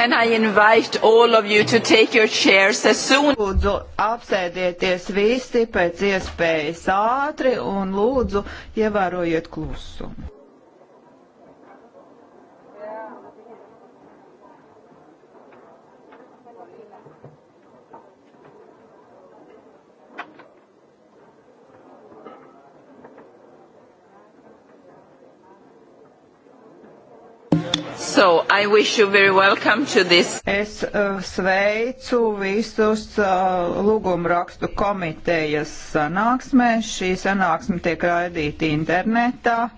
Can I invite all of you to take your chairs as soon? Lūdzu, apsēdieties visi pēc iespējas ātri un lūdzu, ievērojiet klusumu. So I wish you very welcome to this. Es uh, sveicu visus uh, lūgumrakstu komitejas sanāksmē. Šī sanāksme tiek raidīta internetā.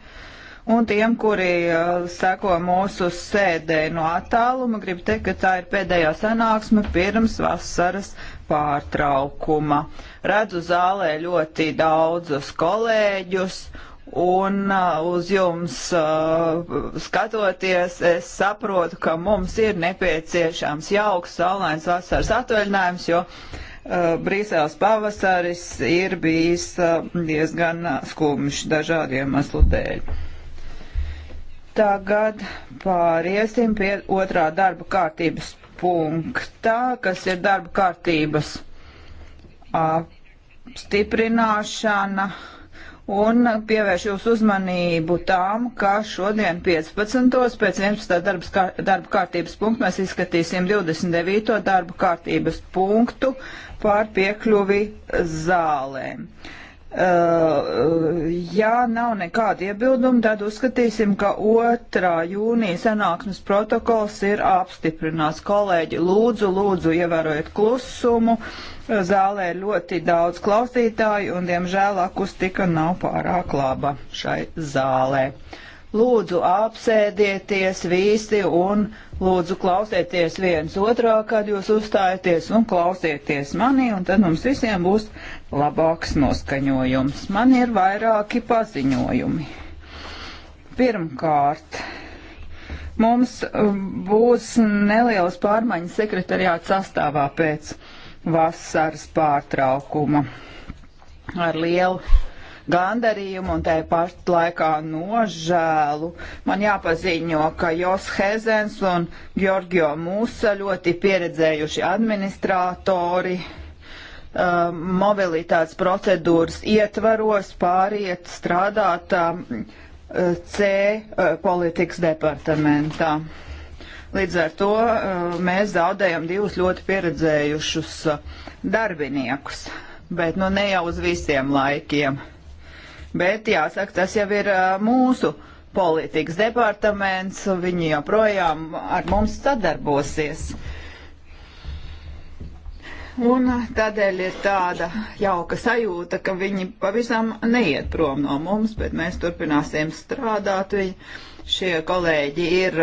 Un tiem, kuri uh, seko mūsu sēdē no attāluma, gribu teikt, ka tā ir pēdējā sanāksme pirms vasaras pārtraukuma. Redzu zālē ļoti daudzus kolēģus Un uh, uz jums uh, skatoties, es saprotu, ka mums ir nepieciešams jauks, saulains vasaras atvaļinājums, jo uh, Brīseles pavasaris ir bijis diezgan skumjš dažādiem aslu dēļ. Tagad pāriesim pie otrā darba kārtības punktā, kas ir darba kārtības apstiprināšana. Uh, un pievērš jūs uzmanību tām, ka šodien 15. pēc 11. Darbs, kā, darba kārtības punktu mēs izskatīsim 29. darba kārtības punktu pār piekļuvi zālēm. Uh, Uh, ja nav nekāda iebilduma, tad uzskatīsim, ka 2. jūnija sanāksmes protokols ir apstiprināts. Kolēģi, lūdzu, lūdzu, ievērojiet klusumu. Zālē ir ļoti daudz klausītāju un, diemžēl, akustika nav pārāk laba šai zālē. Lūdzu, apsēdieties visi un Lūdzu, klausieties viens otrā, kad jūs uzstājaties, un klausieties manī, un tad mums visiem būs labāks noskaņojums. Man ir vairāki paziņojumi. Pirmkārt, mums um, būs nelielas pārmaiņas sekretariāta sastāvā pēc vasaras pārtraukuma ar lielu gandarījumu un tai pašt laikā nožēlu. Man jāpaziņo, ka Jos Hezens un Georgio Musa ļoti pieredzējuši administratori uh, mobilitātes procedūras ietvaros pāriet strādāt uh, C uh, politikas departamentā. Līdz ar to uh, mēs zaudējam divus ļoti pieredzējušus uh, darbiniekus, bet nu ne jau uz visiem laikiem bet jāsaka, tas jau ir mūsu politikas departaments, viņi joprojām ar mums sadarbosies. Un tādēļ ir tāda jauka sajūta, ka viņi pavisam neiet prom no mums, bet mēs turpināsim strādāt. Viņi, šie kolēģi ir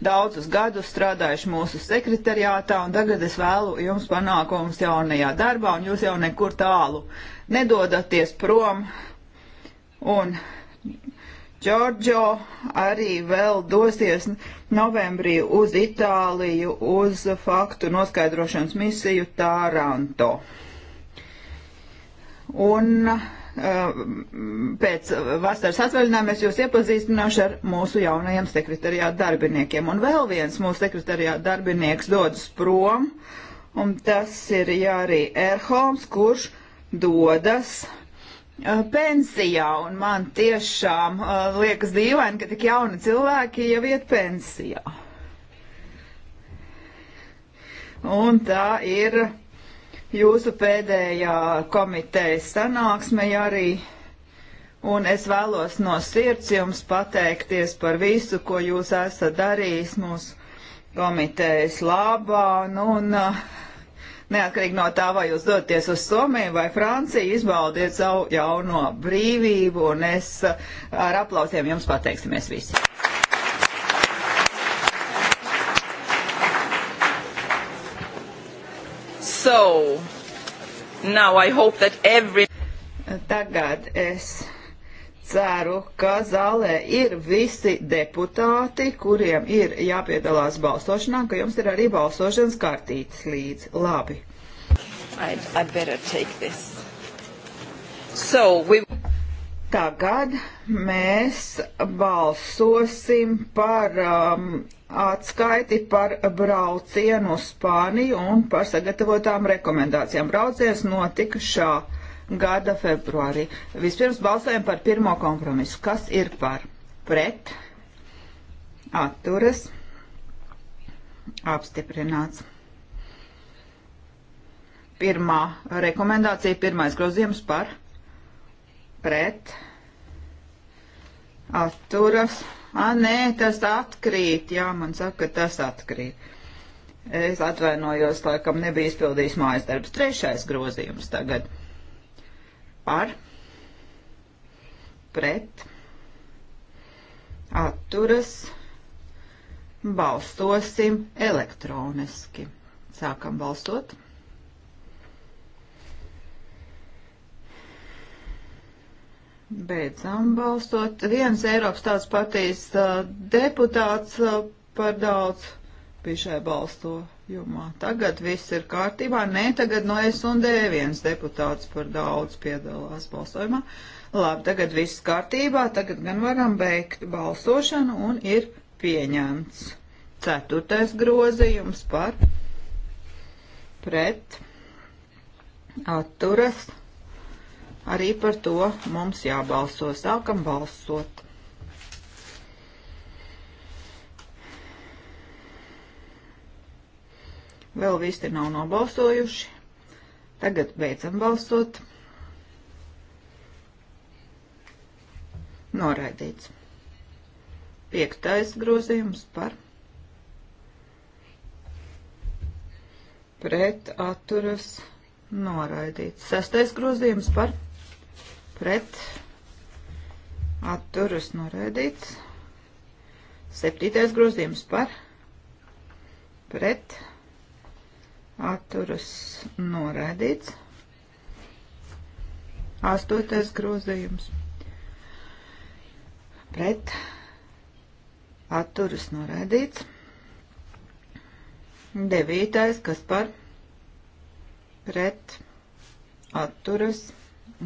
daudzus gadus strādājuši mūsu sekretariātā, un tagad es vēlu jums panākumus jaunajā darbā, un jūs jau nekur tālu nedodaties prom Un Džordžo arī vēl dosies novembrī uz Itāliju uz faktu noskaidrošanas misiju Tāranto. Un eh, pēc vasaras atvaļinājuma es jūs iepazīstināšu ar mūsu jaunajiem sekretariāta darbiniekiem. Un vēl viens mūsu sekretariāta darbinieks dodas prom, un tas ir Jārī Erholms, kurš dodas Eh, pensijā, un man tiešām uh, liekas dīvaini, ka tik jauni cilvēki jau iet pensijā. Un tā ir jūsu pēdējā komitejas sanāksme arī, un es vēlos no sirds jums pateikties par visu, ko jūs esat darījis mūsu komitejas labā, nu, un uh, Neatkarīgi no tā, vai jūs doties uz Somiju vai Franciju, izbaudiet savu jauno brīvību, un es eh, ar aplausiem jums pateiksimies visi. So, now I hope that every... Tagad es ceru, ka zālē ir visi deputāti, kuriem ir jāpiedalās balsošanā, ka jums ir arī balsošanas kartītes līdzi. Labi. I, I better take this. So we... Tagad mēs balsosim par um, atskaiti par braucienu uz Spāniju un par sagatavotām rekomendācijām. Brauciens notika šā gada februārī. Vispirms balsojam par pirmo kompromisu. Kas ir par? Pret. Atturas. Apstiprināts. Pirmā rekomendācija, pirmais grozījums par pret atturas. A, nē, tas atkrīt. Jā, man saka, tas atkrīt. Es atvainojos, laikam nebija izpildījis mājas darbs. Trešais grozījums tagad par pret atturas balsosim elektroniski. Sākam balsot. Beidzam balsot. Viens Eiropas tāds patīs uh, deputāts uh, par daudz pie šai balsot jomā. Tagad viss ir kārtībā. Nē, tagad no S&D viens deputāts par daudz piedalās balsojumā. Labi, tagad viss kārtībā. Tagad gan varam beigt balsošanu un ir pieņemts. Ceturtais grozījums par pret atturas. Arī par to mums jābalso. Sākam balsot. Vēl visi nav nobalsojuši. Tagad beidzam balsot. Noraidīts. Piektais grozījums par pret atturas noraidīts. Sestais grozījums par pret atturas noraidīts. Septītais grozījums par pret atturas noraidīts atturas noraidīts. Astotais grozījums pret atturas noraidīts. Devītais, kas par pret atturas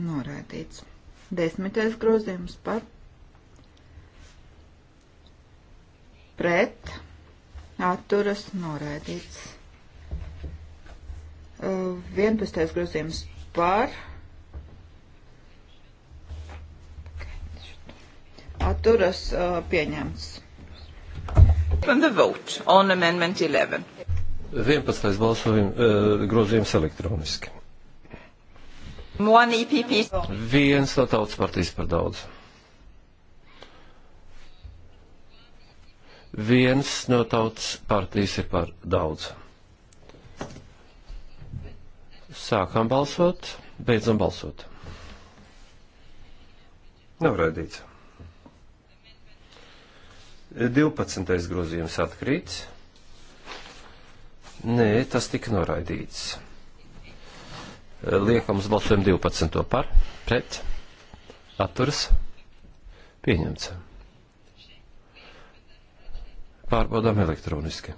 noraidīts. Desmitais grozījums par pret atturas noraidīts. 11. grozījums par atturas uh, pieņemts. Open the vote on amendment 11. 11. balsojums uh, grozījums elektroniski. One EPP. Viens no tautas partijas par daudz. Viens no tautas partijas ir par daudz. Sākam balsot, beidzam balsot. Nav raidīts. 12. grozījums atkrīts. Nē, tas tika noraidīts. Liekam uz balsojumu 12. par, pret, atturas, pieņemts. Pārbaudām elektroniski.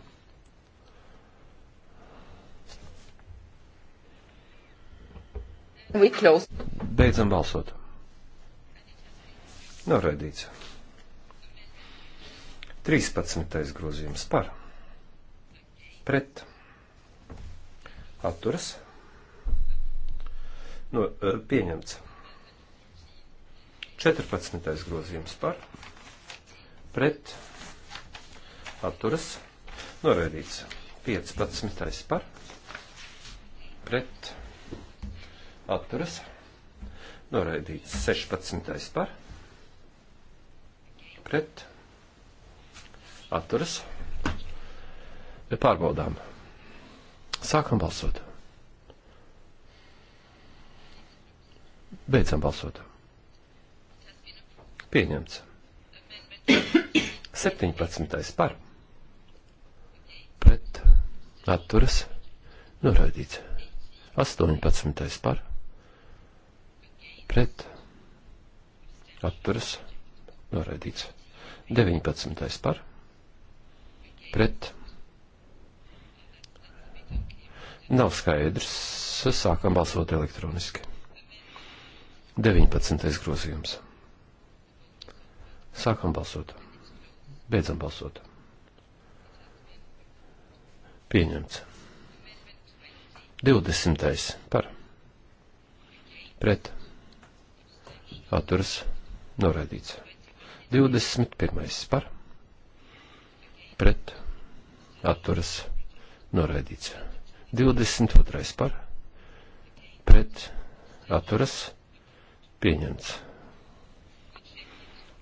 Beidzam balsot. Noraidīts. 13. grozījums par. Pret. Atturas. No, eh, pieņemts. 14. grozījums par. Pret. Atturas. Noraidīts. 15. par. Pret atturas noraidīts 16. par pret atturas pārbaudām. Sākam balsot. Beidzam balsot. Pieņemts. 17. par. Pret. Atturas. Noraidīts. 18. par pret atturas noraidīts. 19. par pret nav skaidrs, sākam balsot elektroniski. 19. grozījums. Sākam balsot. Beidzam balsot. Pieņemts. 20. par pret atturas noraidīts. 21. par pret atturas noraidīts. 22. par pret atturas pieņemts.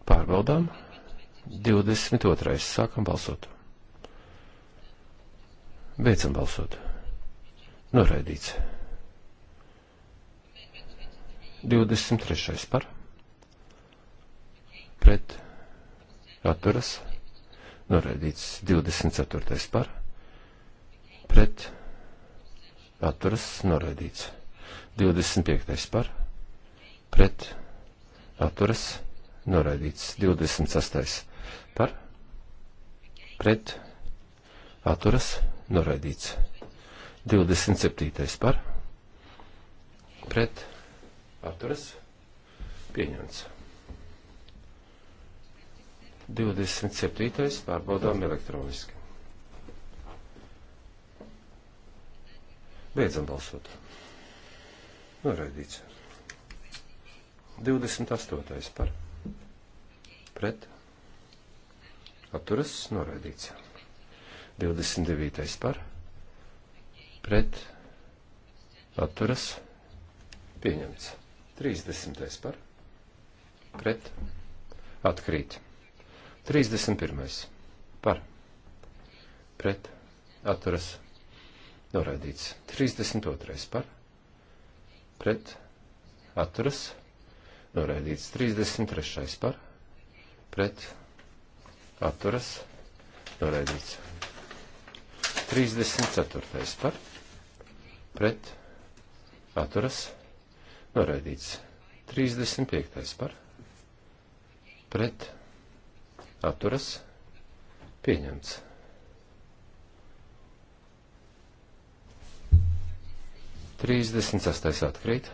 Pārbaudām. 22. sākam balsot. Beidzam balsot. Noraidīts. 23. par pret atturas noraidīts 24. par pret atturas noraidīts 25. par pret atturas noraidīts 26. par pret atturas noraidīts 27. par pret atturas pieņemts. 27. pārbaudām elektroniski. Beidzam balsot. Noraidīts. 28. par. Pret. Atturas. Noraidīts. 29. par. Pret. Atturas. Pieņemts. 30. par. Pret. Atkrīt. 31. par pret atturas noraidīts. 32. par pret atturas noraidīts. 33. par pret atturas noraidīts. 34. par pret atturas noraidīts. 35. par pret atturas noraidīts atturas pieņemts. Trīsdesmit sastais atkrīt,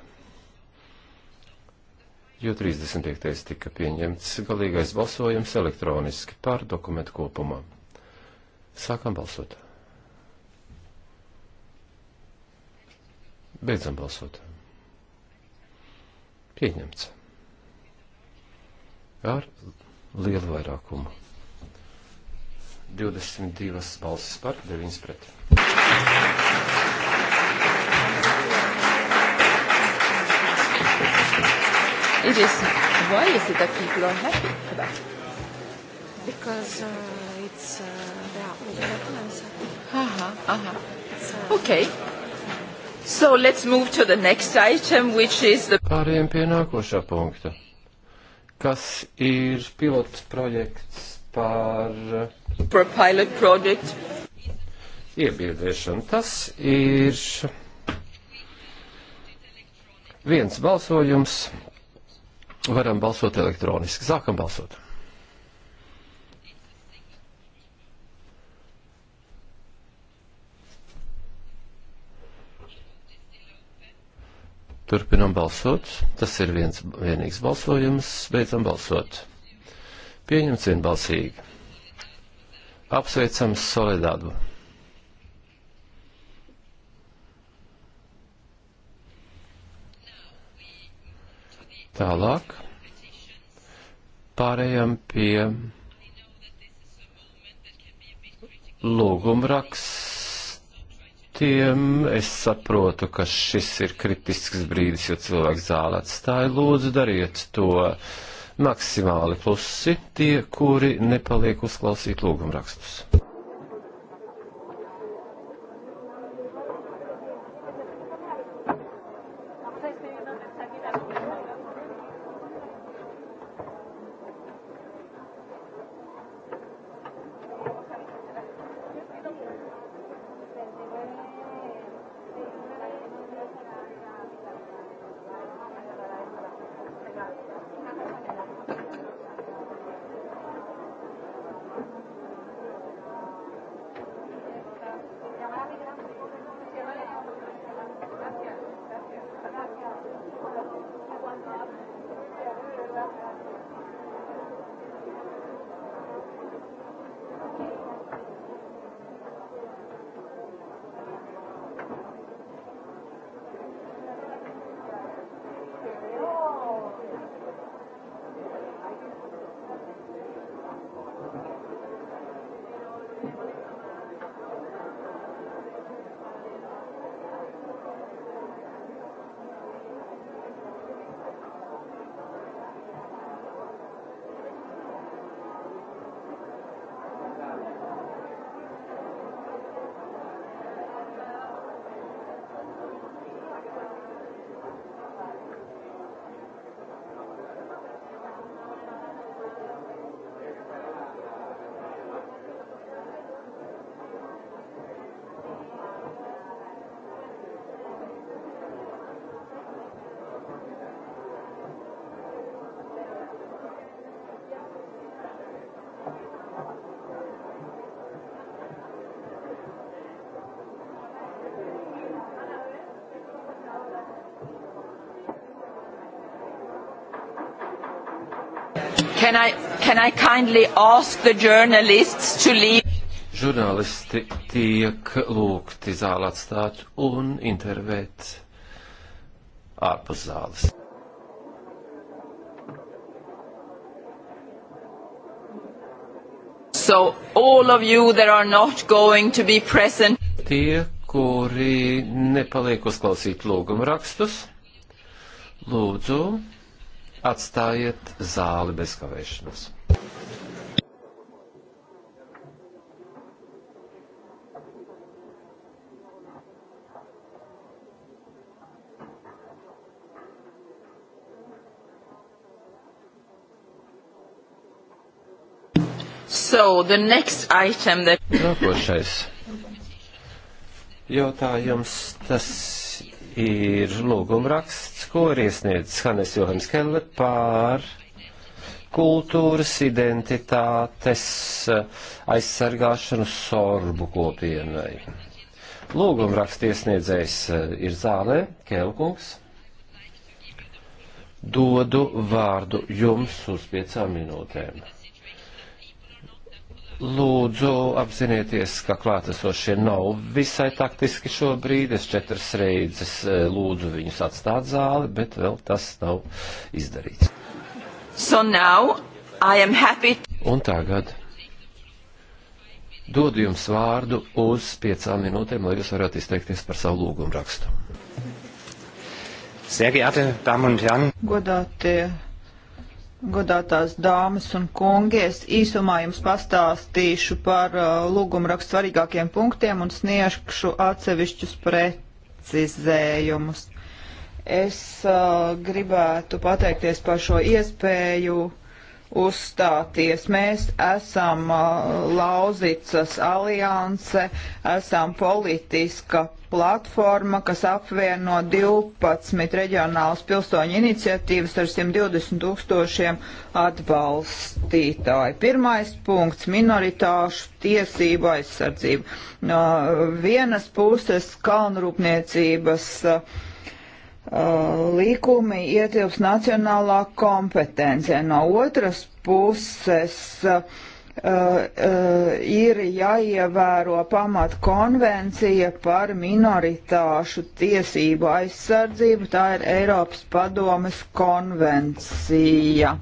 jo 35. tika pieņemts galīgais balsojums elektroniski par dokumentu kopumā. Sākam balsot. Beidzam balsot. Pieņemts. Ar lielu vairākumu. 22 balsis par, 9 pret. It is why is it that people are happy about it? Because uh, it's uh, they are all Europeans. Aha, aha. Okay. So let's move to the next item, which is the. Pārējiem pie nākošā punkta kas ir pilots projekts par. Par pilot project. Iebiedēšana. Tas ir viens balsojums. Varam balsot elektroniski. Sākam balsot. Turpinam balsot. Tas ir viens vienīgs balsojums. Beidzam balsot. Pieņemts vienbalsīgi. Apsveicam Soledādu. Tālāk pārējām pie lūgumraksts punktiem. Es saprotu, ka šis ir kritisks brīdis, jo cilvēks zālē atstāja. Lūdzu, dariet to maksimāli plusi tie, kuri nepaliek uzklausīt lūgumrakstus. Can I, can I kindly ask the journalists to leave? Žurnālisti tiek lūgti zāli atstāt un intervēt ārpus zāles. So all of you that are not going to be present. Tie, kuri nepaliek uzklausīt lūgumu rakstus, lūdzu atstājiet zāli bez kavēšanās. So, the next item that... Nākošais jautājums, tas ir lūgumraksts ko ir iesniedzis Hannes Johans Kelle pār kultūras identitātes eh, aizsargāšanu sorbu kopienai. Lūguma rakstiesniedzējs eh, ir zālē, Kelkungs. Dodu vārdu jums uz piecām minūtēm. Lūdzu, apzinieties, ka klātesošie nav visai taktiski šobrīd. Es četras reizes e, lūdzu viņus atstāt zāli, bet vēl tas nav izdarīts. So now I am happy. Un tagad dodu jums vārdu uz piecām minūtēm, lai jūs varētu izteikties par savu lūgumu rakstu. Godātie Godātās dāmas un kungi, es īsumā jums pastāstīšu par uh, lūgumrakstu svarīgākiem punktiem un sniegšu atsevišķus precizējumus. Es uh, gribētu pateikties par šo iespēju uzstāties. Mēs esam uh, Lauzicas alianse, esam politiska platforma, kas apvieno 12 reģionālas pilsoņu iniciatīvas ar 120 tūkstošiem atbalstītāju. Pirmais punkts - minoritāšu tiesību aizsardzība. No vienas puses kalnrūpniecības uh, Uh, likumi ietilps nacionālā kompetencija. No otras puses uh, uh, ir jāievēro pamat konvencija par minoritāšu tiesību aizsardzību, tā ir Eiropas padomes konvencija.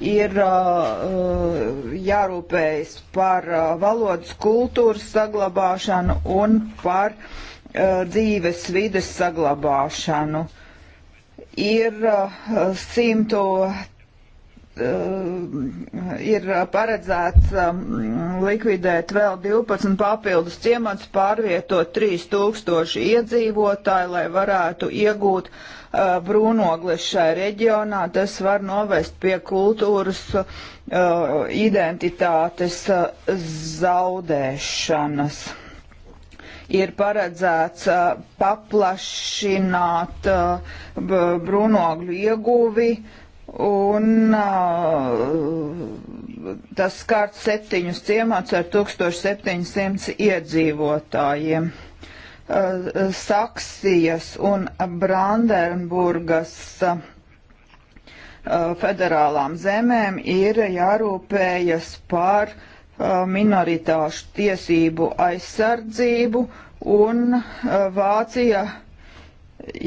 Ir uh, uh jārūpējas par uh, valodas kultūras saglabāšanu un par uh, Uh, dzīves vides saglabāšanu. Ir 100 uh, uh, ir paredzēts um, likvidēt vēl 12 papildus ciemats, pārvietot 3000 iedzīvotāju, lai varētu iegūt brūnogles šai reģionā. Tas var novest pie kultūras identitātes zaudēšanas ir paredzēts uh, paplašināt uh, brūnogļu ieguvi un uh, tas skārt septiņus ciemats ar 1700 iedzīvotājiem. Saksijas un Brandenburgas federālām zemēm ir jārūpējas par uh, Uh, minoritāšu tiesību aizsardzību, un uh, Vācija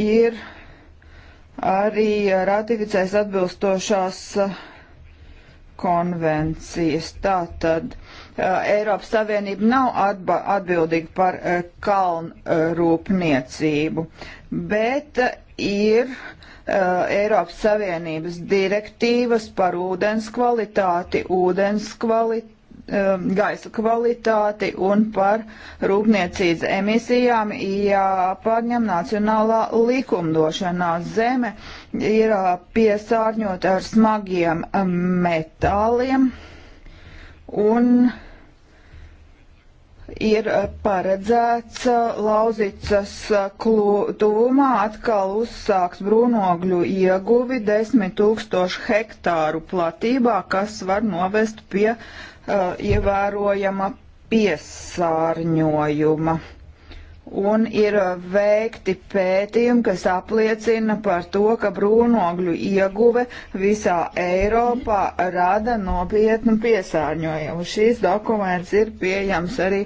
ir arī ratificējis atbilstošās uh, konvencijas. Tātad Eiropas Savienība nav atba, atbildīga par kalnrūpniecību, bet ir Eiropas Savienības direktīvas par ūdens kvalitāti, ūdens kvalitāti Um, gaisa kvalitāti un par rūpniecības emisijām jāpārņem nacionālā likumdošanā. Zeme ir uh, piesārņota ar smagiem um, metāliem un ir uh, paredzēts uh, Lauzicas tūmā atkal uzsāks brūnogļu ieguvi 10 tūkstošu hektāru platībā, kas var novest pie uh, uh, ievērojama piesārņojuma. Un ir uh, veikti pētījumi, kas apliecina par to, ka brūnogļu ieguve visā Eiropā rada nopietnu piesārņojumu. Šīs dokuments ir pieejams arī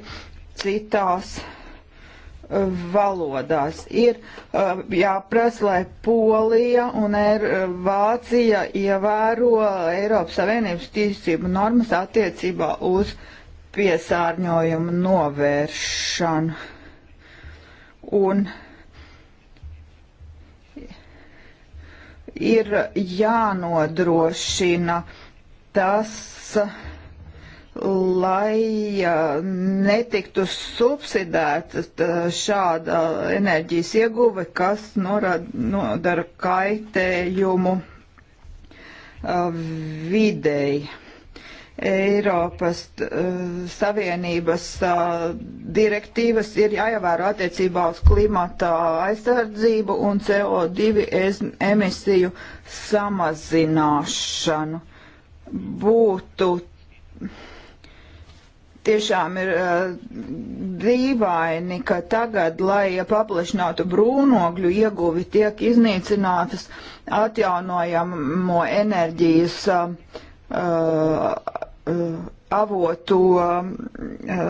citās valodās. Ir uh, jāprasa, lai Polija un er, Vācija ievēro Eiropas Savienības tiesību normas attiecībā uz piesārņojumu novēršanu. Un ir jānodrošina tas, uh, lai netiktu subsidēta šāda enerģijas ieguve, kas nodara kaitējumu videi. Eiropas Savienības direktīvas ir jāievēro attiecībā uz klimata aizsardzību un CO2 emisiju samazināšanu. Būtu tiešām ir uh, dīvaini, ka tagad, lai paplašinātu brūnogļu ieguvi, tiek iznīcinātas atjaunojamo enerģijas uh, uh, avotu uh,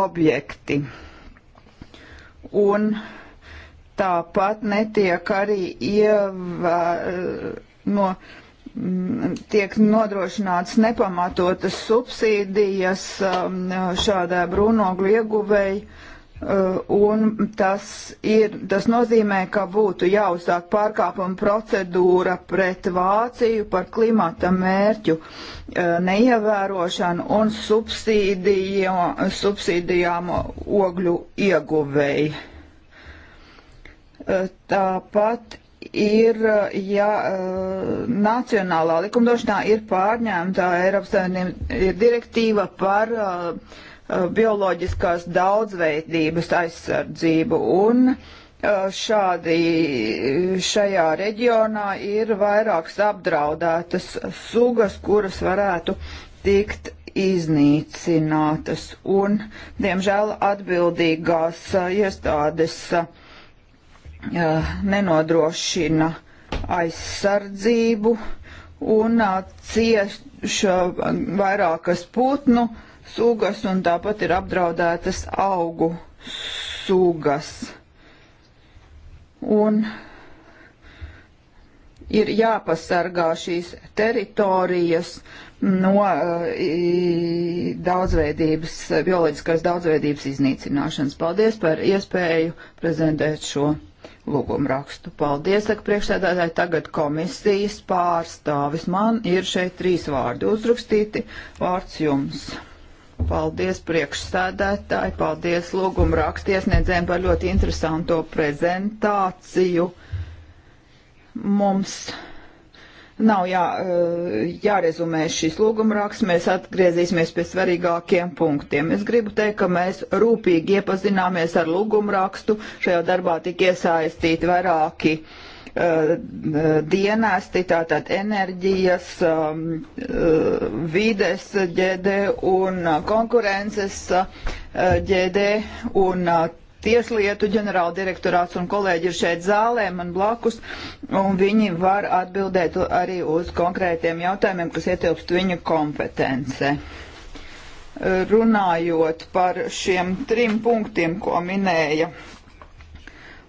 objekti. Un tāpat netiek arī ievērota. Uh, no, uh, Mm, tiek nodrošināts nepamatotas subsīdijas um, šādai brūnogļu ieguvēji, uh, un tas, ir, tas nozīmē, ka būtu jāuzsāk pārkāpuma procedūra pret Vāciju par klimata mērķu uh, neievērošanu un subsīdijām ogļu ieguvēji. Uh, tāpat ir, eh, ja eh, nacionālā likumdošanā ir pārņēmta Eiropas Savienības direktīva par eh, bioloģiskās daudzveidības aizsardzību un šādi šajā reģionā ir vairākas apdraudētas sugas, kuras varētu tikt iznīcinātas un, diemžēl, atbildīgās iestādes uh, nenodrošina aizsardzību un cieš vairākas putnu sugas un tāpat ir apdraudētas augu sugas. Un ir jāpasargā šīs teritorijas no i, daudzveidības, bioloģiskās daudzveidības iznīcināšanas. Paldies par iespēju prezentēt šo lūgumu rakstu. Paldies, saka priekšsēdētāji, tagad komisijas pārstāvis. Man ir šeit trīs vārdi uzrakstīti. Vārds jums. Paldies priekšsēdētāji, paldies lūgumu rakstiesniedzēm par ļoti interesanto prezentāciju. Mums Nav jā, eh, jārezumē šis lūgumraksts, mēs atgriezīsimies pie svarīgākiem punktiem. Es gribu teikt, ka mēs rūpīgi iepazināmies ar lūgumrakstu. Šajā darbā tika iesaistīti vairāki uh, dienesti, tātad enerģijas, um, uh, vides ģēdē un konkurences uh, ģēdē un uh, tieslietu ģenerāldirektorāts un kolēģi ir šeit zālē, man blakus, un viņi var atbildēt arī uz konkrētiem jautājumiem, kas ietilpst viņu kompetence. Runājot par šiem trim punktiem, ko minēja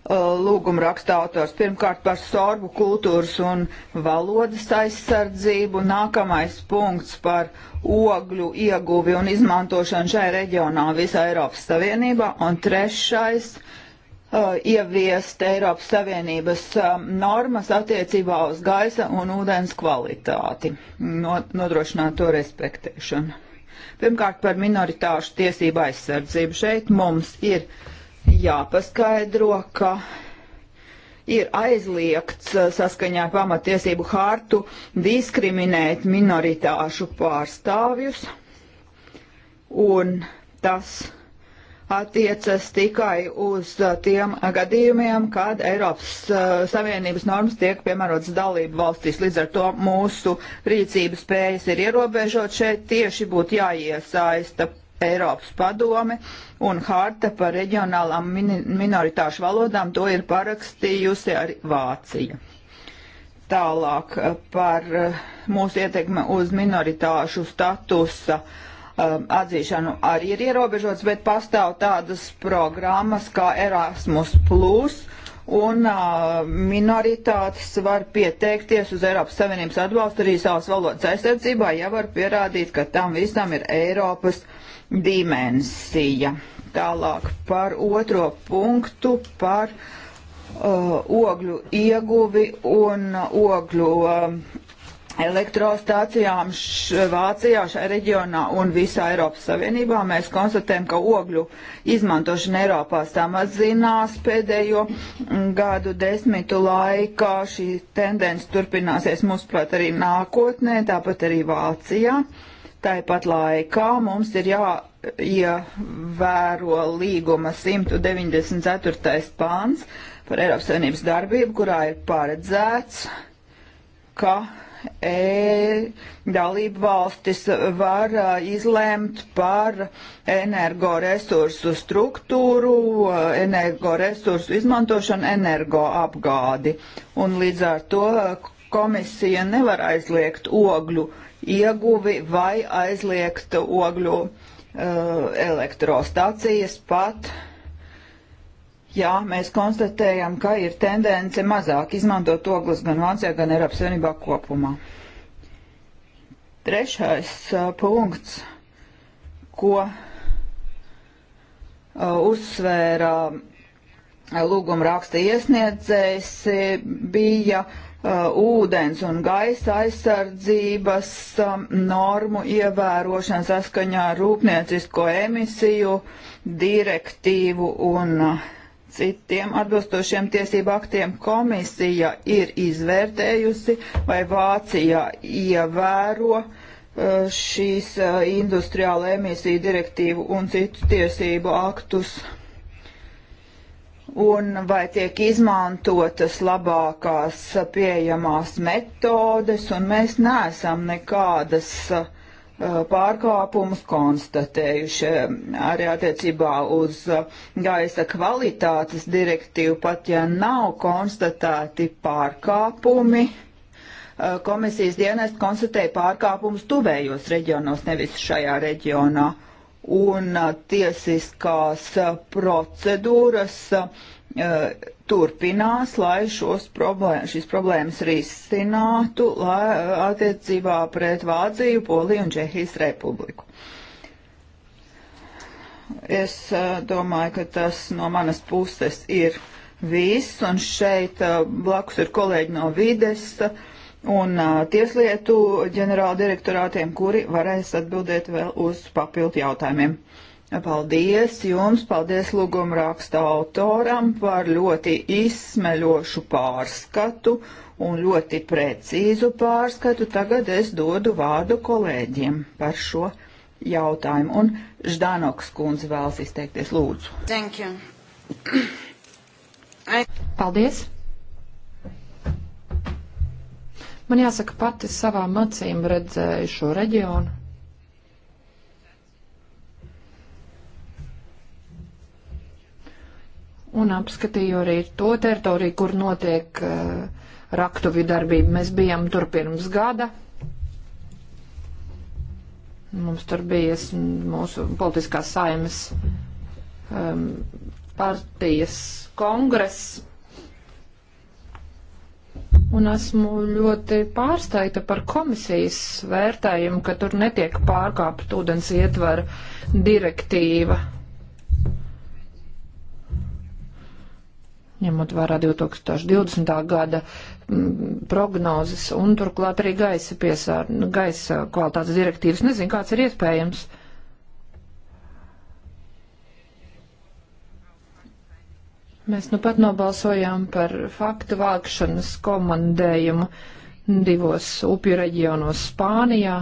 Uh, lūguma raksta autors. Pirmkārt par sorbu kultūras un valodas aizsardzību, nākamais punkts par ogļu ieguvi un izmantošanu šajā reģionā visā Eiropas Savienībā, un trešais uh, ieviest Eiropas Savienības uh, normas attiecībā uz gaisa un ūdens kvalitāti, nodrošināt to respektēšanu. Pirmkārt par minoritāšu tiesību aizsardzību. Šeit mums ir uh, jāpaskaidro, ka ir aizliegts eh, saskaņā ar pamatiesību hārtu diskriminēt minoritāšu pārstāvjus, un tas attiecas tikai uz eh, tiem gadījumiem, kad Eiropas uh, Savienības normas tiek piemērotas dalību valstīs. Līdz ar to mūsu rīcības spējas ir ierobežot šeit tieši būtu jāiesaista Eiropas padome un harta par reģionālām minoritāšu valodām to ir parakstījusi arī Vācija. Tālāk eh, par eh, mūsu ietekmi uz minoritāšu statusa eh, atzīšanu arī ir ierobežots, bet pastāv tādas programmas kā Erasmus Plus un minoritātes var pieteikties uz Eiropas Savienības atbalstu arī savas valodas aizsardzībā, ja var pierādīt, ka tam visam ir Eiropas atbalsts dimensija. Tālāk par otro punktu par uh, ogļu ieguvi un ogļu uh, elektrostācijām š, Vācijā, šajā reģionā un visā Eiropas Savienībā. Mēs konstatējam, ka ogļu izmantošana Eiropā samazinās pēdējo mm, gadu desmitu laikā. Šī tendence turpināsies, mūsuprāt, arī nākotnē, tāpat arī Vācijā. Uh, Tāpat laikā mums ir jāievēro līguma 194. pāns par Eiropas Savienības darbību, kurā ir paredzēts, ka e, dalību valstis var a, izlēmt par energoresursu struktūru, energoresursu izmantošanu, energoapgādi. Un līdz ar to komisija nevar aizliegt ogļu ieguvi vai aizliegt ogļu uh, elektrostacijas pat, ja mēs konstatējam, ka ir tendence mazāk izmantot ogles gan Vācijā, gan Eiropas Savienībā kopumā. Trešais uh, punkts, ko uh, uzsvēra lūguma raksta iesniedzējs, eh, bija uh, Uh, ūdens un gaisa aizsardzības um, normu ievērošana saskaņā ar rūpniecisko emisiju direktīvu un uh, citiem atbilstošiem tiesību aktiem komisija ir izvērtējusi, vai Vācija ievēro uh, šīs industriāla emisiju direktīvu un citus tiesību aktus un vai tiek izmantotas labākās pieejamās metodes, un mēs neesam nekādas uh, pārkāpumus konstatējuši arī attiecībā uz uh, gaisa kvalitātes direktīvu, pat ja nav konstatēti pārkāpumi. Uh, komisijas dienests konstatēja pārkāpumus tuvējos reģionos, nevis šajā reģionā. Uh, un tiesiskās procedūras e, turpinās, lai problēma, šīs problēmas risinātu lai, attiecībā pret Vāciju, Poliju un Čehijas republiku. Es domāju, ka tas no manas puses ir viss, un šeit blakus ir kolēģi no vides. Uh, un uh, tieslietu ģenerāla direktorātiem, kuri varēs atbildēt vēl uz papildu jautājumiem. Paldies jums, paldies lūguma raksta autoram par ļoti izsmeļošu pārskatu un ļoti precīzu pārskatu. Tagad es dodu vārdu kolēģiem par šo jautājumu. Un Ždanoks kundze vēlas izteikties, lūdzu. Thank you. I... Paldies. Man jāsaka, pati savām acīm redzēju šo reģionu. Un apskatīju arī to teritoriju, kur notiek uh, eh, raktuvju darbība. Mēs bijām tur pirms gada. Mums tur bija mūsu politiskās saimas um, ehm, partijas kongress, Un esmu ļoti pārsteigta par komisijas vērtējumu, ka tur netiek pārkāpt ūdens ietvara direktīva. Ņemot vērā 2020. gada mm, prognozes un turklāt arī gaisa, piesār, gaisa kvalitātes direktīvas. Nezinu, kāds ir iespējams. Mēs nu pat nobalsojām par faktu vākšanas komandējumu divos upju reģionos Spānijā.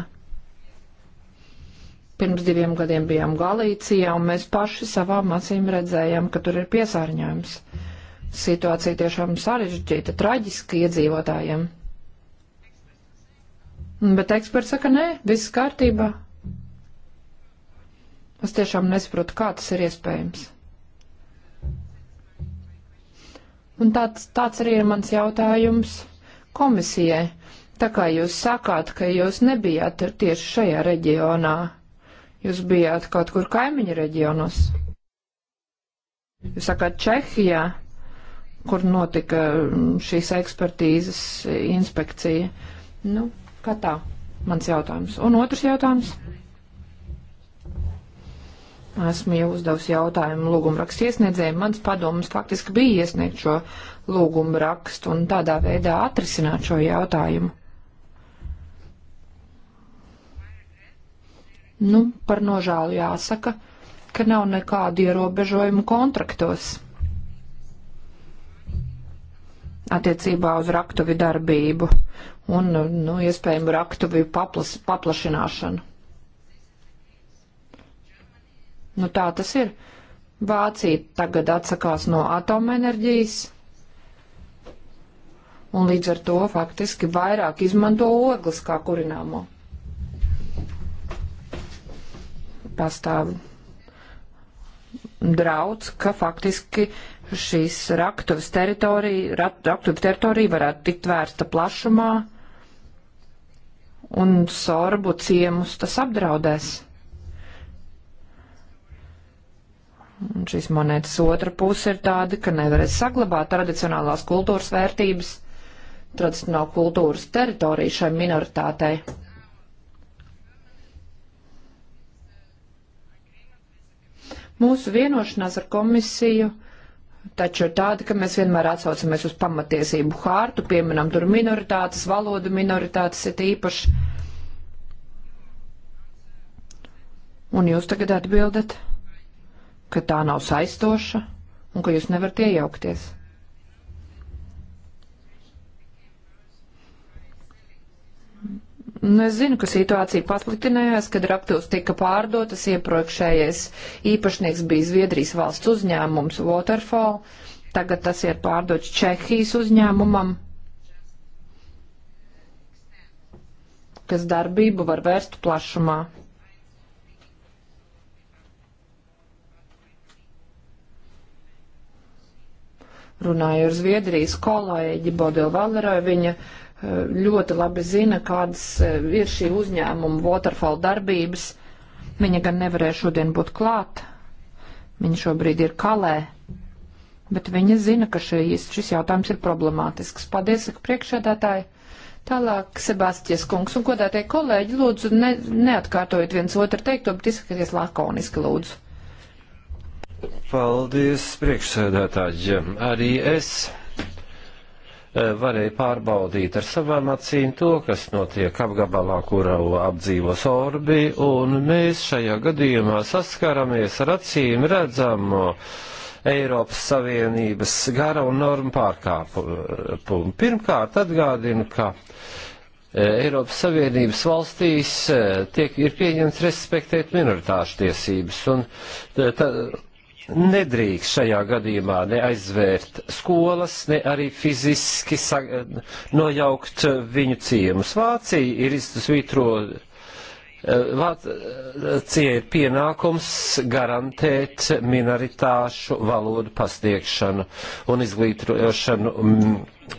Pirms diviem gadiem bijām Galīcijā, un mēs paši savām acīm redzējām, ka tur ir piesārņojums. Situācija tiešām sarežģīta, traģiski iedzīvotājiem. Bet eksperts saka, nē, viss kārtībā. Es tiešām nesaprotu, kā tas ir iespējams. Un tāds, tāds arī ir mans jautājums komisijai. Tā kā jūs sakāt, ka jūs nebijāt tieši šajā reģionā, jūs bijāt kaut kur kaimiņu reģionos. Jūs sakāt Čehijā, kur notika mm, šīs ekspertīzes inspekcija. Nu, kā tā? Mans jautājums. Un otrs jautājums. Esmu jau uzdevusi jautājumu lūgumrakstu iesniedzējiem. Mans padoms faktiski bija iesniegt šo lūgumrakstu un tādā veidā atrisināt šo jautājumu. Nu, par nožēlu jāsaka, ka nav nekādu ierobežojumu kontraktos attiecībā uz raktuvi darbību un, nu, iespējamu raktuvi paplas, paplašināšanu. Nu tā tas ir. Vācija tagad atsakās no atomenerģijas. Un līdz ar to faktiski vairāk izmanto ogles kā kurināmo. Pastāv drauds, ka faktiski šīs raktuves teritorija, raktuves teritorija varētu tikt vērsta plašumā un sorbu ciemus tas apdraudēs. Un šīs monētas otra puse ir tāda, ka nevarēs saglabāt tradicionālās kultūras vērtības, tradicionālu kultūras teritoriju šai minoritātei. Mūsu vienošanās ar komisiju taču ir tāda, ka mēs vienmēr atsaucamies uz pamatiesību hārtu, pieminam tur minoritātes, valodu minoritātes ir īpaši. Un jūs tagad atbildat? ka tā nav saistoša un ka jūs nevarat iejaukties. Nu, es zinu, ka situācija pasliktinājās, kad raptūs tika pārdotas iepriekšējais īpašnieks bija Zviedrijas valsts uzņēmums Waterfall, tagad tas ir pārdots Čehijas uzņēmumam, kas darbību var vērst plašumā. runāju ar Zviedrijas kolēģi Bodil Valeroju, viņa eh, ļoti labi zina, kādas eh, ir šī uzņēmuma Waterfall darbības. Viņa gan nevarēja šodien būt klāt, viņa šobrīd ir kalē, bet viņa zina, ka šis, šis jautājums ir problemātisks. Paldies, saka priekšēdētāji. Tālāk, Sebastijas kungs un godātie kolēģi, lūdzu, ne, neatkārtojiet viens otru teikto, bet izsakieties lakoniski, lūdzu. Paldies, priekšsēdētāji. Arī es eh, varēja pārbaudīt ar savām acīm to, kas notiek apgabalā, kurā apdzīvo sorbi, un mēs šajā gadījumā saskaramies ar acīm redzamo Eiropas Savienības gara un normu pārkāpumu. Pirmkārt, atgādinu, ka eh, Eiropas Savienības valstīs eh, tiek, ir pieņemts respektēt minoritāšu tiesības, un tā, nedrīkst šajā gadījumā neaizvērt skolas, ne arī fiziski nojaukt viņu ciemus. Vācija ir izsvītro, eh, Vācija ir pienākums garantēt minoritāšu valodu pasniegšanu un izglītošanu mm,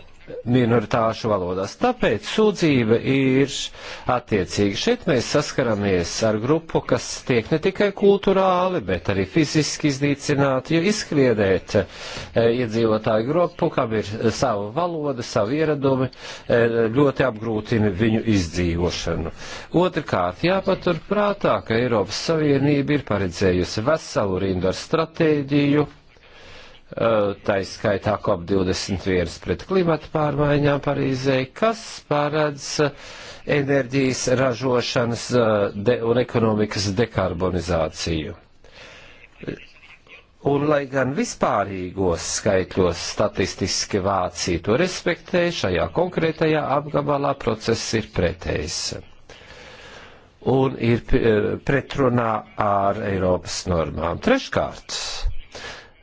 minoritāšu valodās. Tāpēc sūdzība ir attiecīga. Šeit mēs saskaramies ar grupu, kas tiek ne tikai kulturāli, bet arī fiziski iznīcināti, jo izkliedēt e, iedzīvotāju grupu, kam ir e, sava valoda, savi ieradumi, e, ļoti apgrūtina viņu izdzīvošanu. Otrkārt, jāpatur prātā, ka Eiropas Savienība ir paredzējusi veselu rindu ar stratēģiju, Eh, tā izskaitā COP21 pret klimatu pārmaiņām Parīzē, kas paredz enerģijas ražošanas eh, de, un ekonomikas dekarbonizāciju. Un, lai gan vispārīgos skaitļos statistiski Vācija to respektē, šajā konkrētajā apgabalā process ir pretējs un ir eh, pretrunā ar Eiropas normām. Treškārt,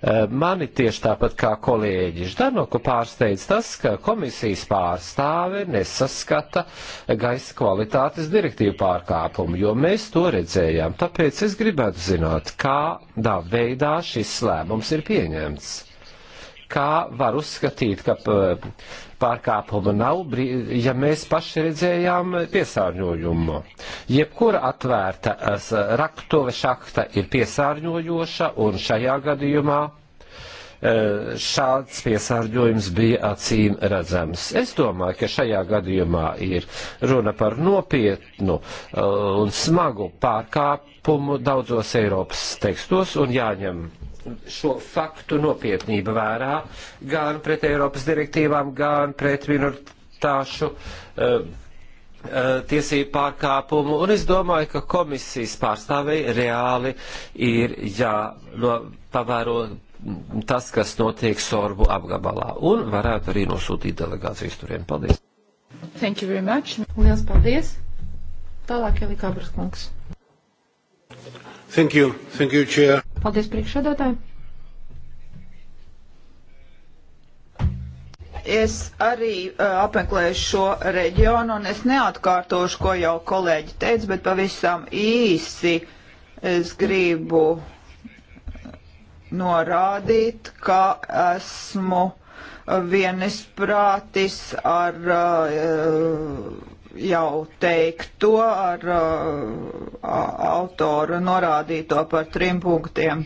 Eh, mani tieši tāpat kā kolēģi Ždanoku pārsteidz tas, ka komisijas pārstāve nesaskata gaisa kvalitātes direktīvu pārkāpumu, jo mēs to redzējām. Tāpēc es gribētu zināt, kādā veidā šis lēmums ir pieņemts. Kā var uzskatīt, ka eh, pārkāpuma nav, ja mēs paši redzējām piesārņojumu. Jebkura atvērta raktuve šahta ir piesārņojoša, un šajā gadījumā e, šāds piesārņojums bija acīm redzams. Es domāju, ka šajā gadījumā ir runa par nopietnu e, un smagu pārkāpumu daudzos Eiropas tekstos un jāņem šo faktu nopietnību vērā gan pret Eiropas direktīvām, gan pret minoritāšu uh, uh, tiesību pārkāpumu. Un es domāju, ka komisijas pārstāvēji reāli ir jāpavēro no, tas, kas notiek sorbu apgabalā. Un varētu arī nosūtīt delegācijas turiem. Paldies! Thank you very much. Liels paldies! Tālāk Elika Abras kungs. Thank you. Thank you, Chair. Paldies priekšsēdētāji. Es arī uh, apmeklēju šo reģionu un es neatkārtošu, ko jau kolēģi teica, bet pavisam īsi es gribu norādīt, ka esmu vienisprātis ar uh, jau teikto ar uh, autoru norādīto par trim punktiem.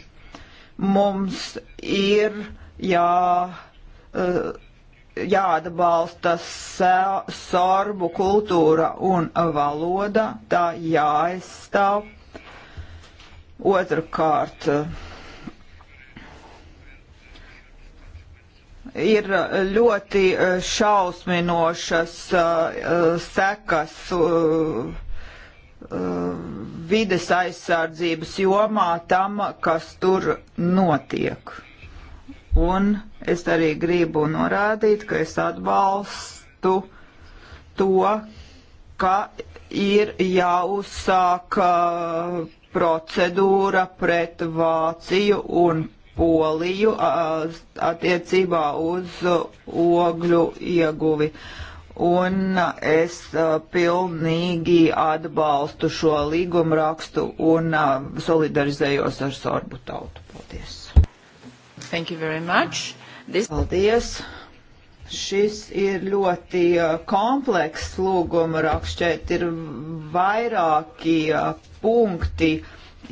Mums ir jā, uh, jāatbalsta sorbu kultūra un valoda, tā jāaizstāv. Otrakārt, uh, ir uh, ļoti uh, šausminošas uh, sekas vides aizsardzības jomā tam, kas tur notiek. Un es arī gribu norādīt, ka es atbalstu to, ka ir jāuzsāk procedūra pret Vāciju un Poliju attiecībā uz ogļu ieguvi. Un es pilnīgi atbalstu šo līgumu rakstu un solidarizējos ar sorbu tautu. Paldies. Thank you very much. This... Paldies. Šis ir ļoti komplekss lūguma raksts. Šeit ir vairāki punkti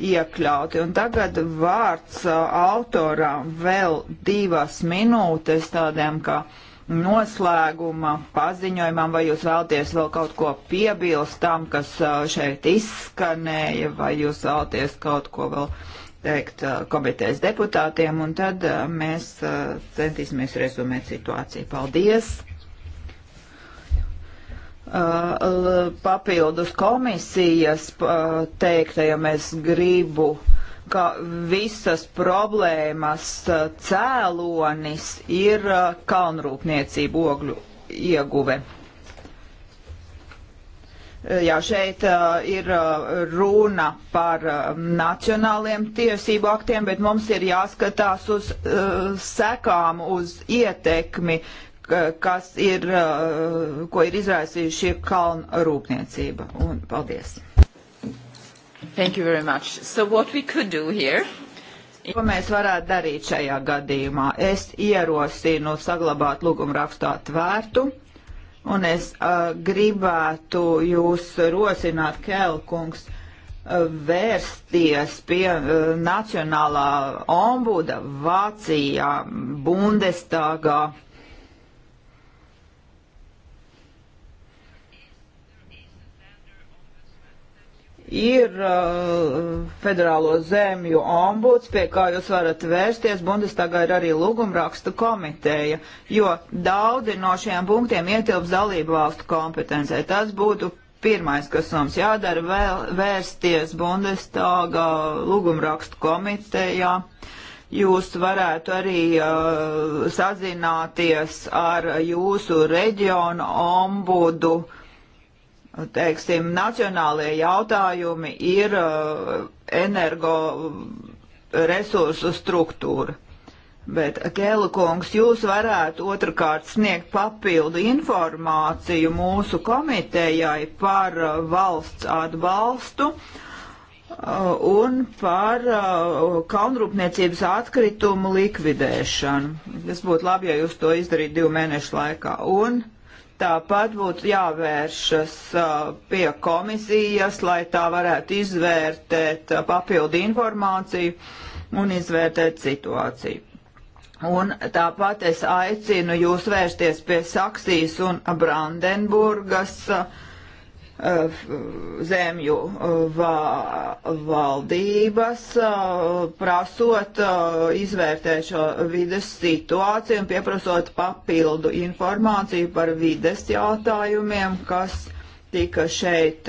iekļauti. Un tagad vārds uh, autoram vēl divas minūtes tādiem kā noslēguma paziņojumam, vai jūs vēlties vēl kaut ko piebilst tam, kas uh, šeit izskanēja, vai jūs vēlties kaut ko vēl teikt uh, komitejas deputātiem, un tad mēs centīsimies rezumēt situāciju. Paldies! papildus komisijas teiktajam es gribu ka visas problēmas cēlonis ir kalnrūpniecība ogļu ieguve. Jā, šeit uh, ir runa par uh, nacionāliem tiesību aktiem, bet mums ir jāskatās uz uh, sekām, uz ietekmi, kas ir, uh, ko ir izraisījuši šie kalnu rūpniecība. Un paldies! Thank you very much. So what we could do here Ko mēs varētu darīt šajā gadījumā? Es ierosinu saglabāt lūgumu rakstu atvērtu, un es uh, gribētu jūs rosināt, Kēlkungs, uh, vērsties pie uh, Nacionālā ombuda Vācijā, Bundestagā. Uh, ir uh, federālo zemju ombuds, pie kā jūs varat vērsties. Bundestagā ir arī lūgumraksta komiteja, jo daudzi no šiem punktiem ietilps dalību valstu kompetencē. Tas būtu pirmais, kas mums jādara, vēl, vērsties Bundestagā lūgumrakstu komitejā. Jūs varētu arī uh, sazināties ar jūsu reģionu ombudu. Uh, teiksim, nacionālie jautājumi ir eh, energo resursu struktūra. Bet, Kēla kungs, jūs varētu otrkārt sniegt papildu informāciju mūsu komitejai par eh, valsts atbalstu eh, un par kalnrūpniecības atkritumu likvidēšanu. Tas būtu labi, ja jūs to izdarītu divu mēnešu laikā. Un Tāpat būtu jāvēršas pie komisijas, lai tā varētu izvērtēt papildu informāciju un izvērtēt situāciju. Un tāpat es aicinu jūs vērsties pie Saksijas un Brandenburgas uh, Eh, zemju eh, valdības, eh, prasot izvērtēt šo vides situāciju un pieprasot papildu informāciju par vides jautājumiem, kas tika šeit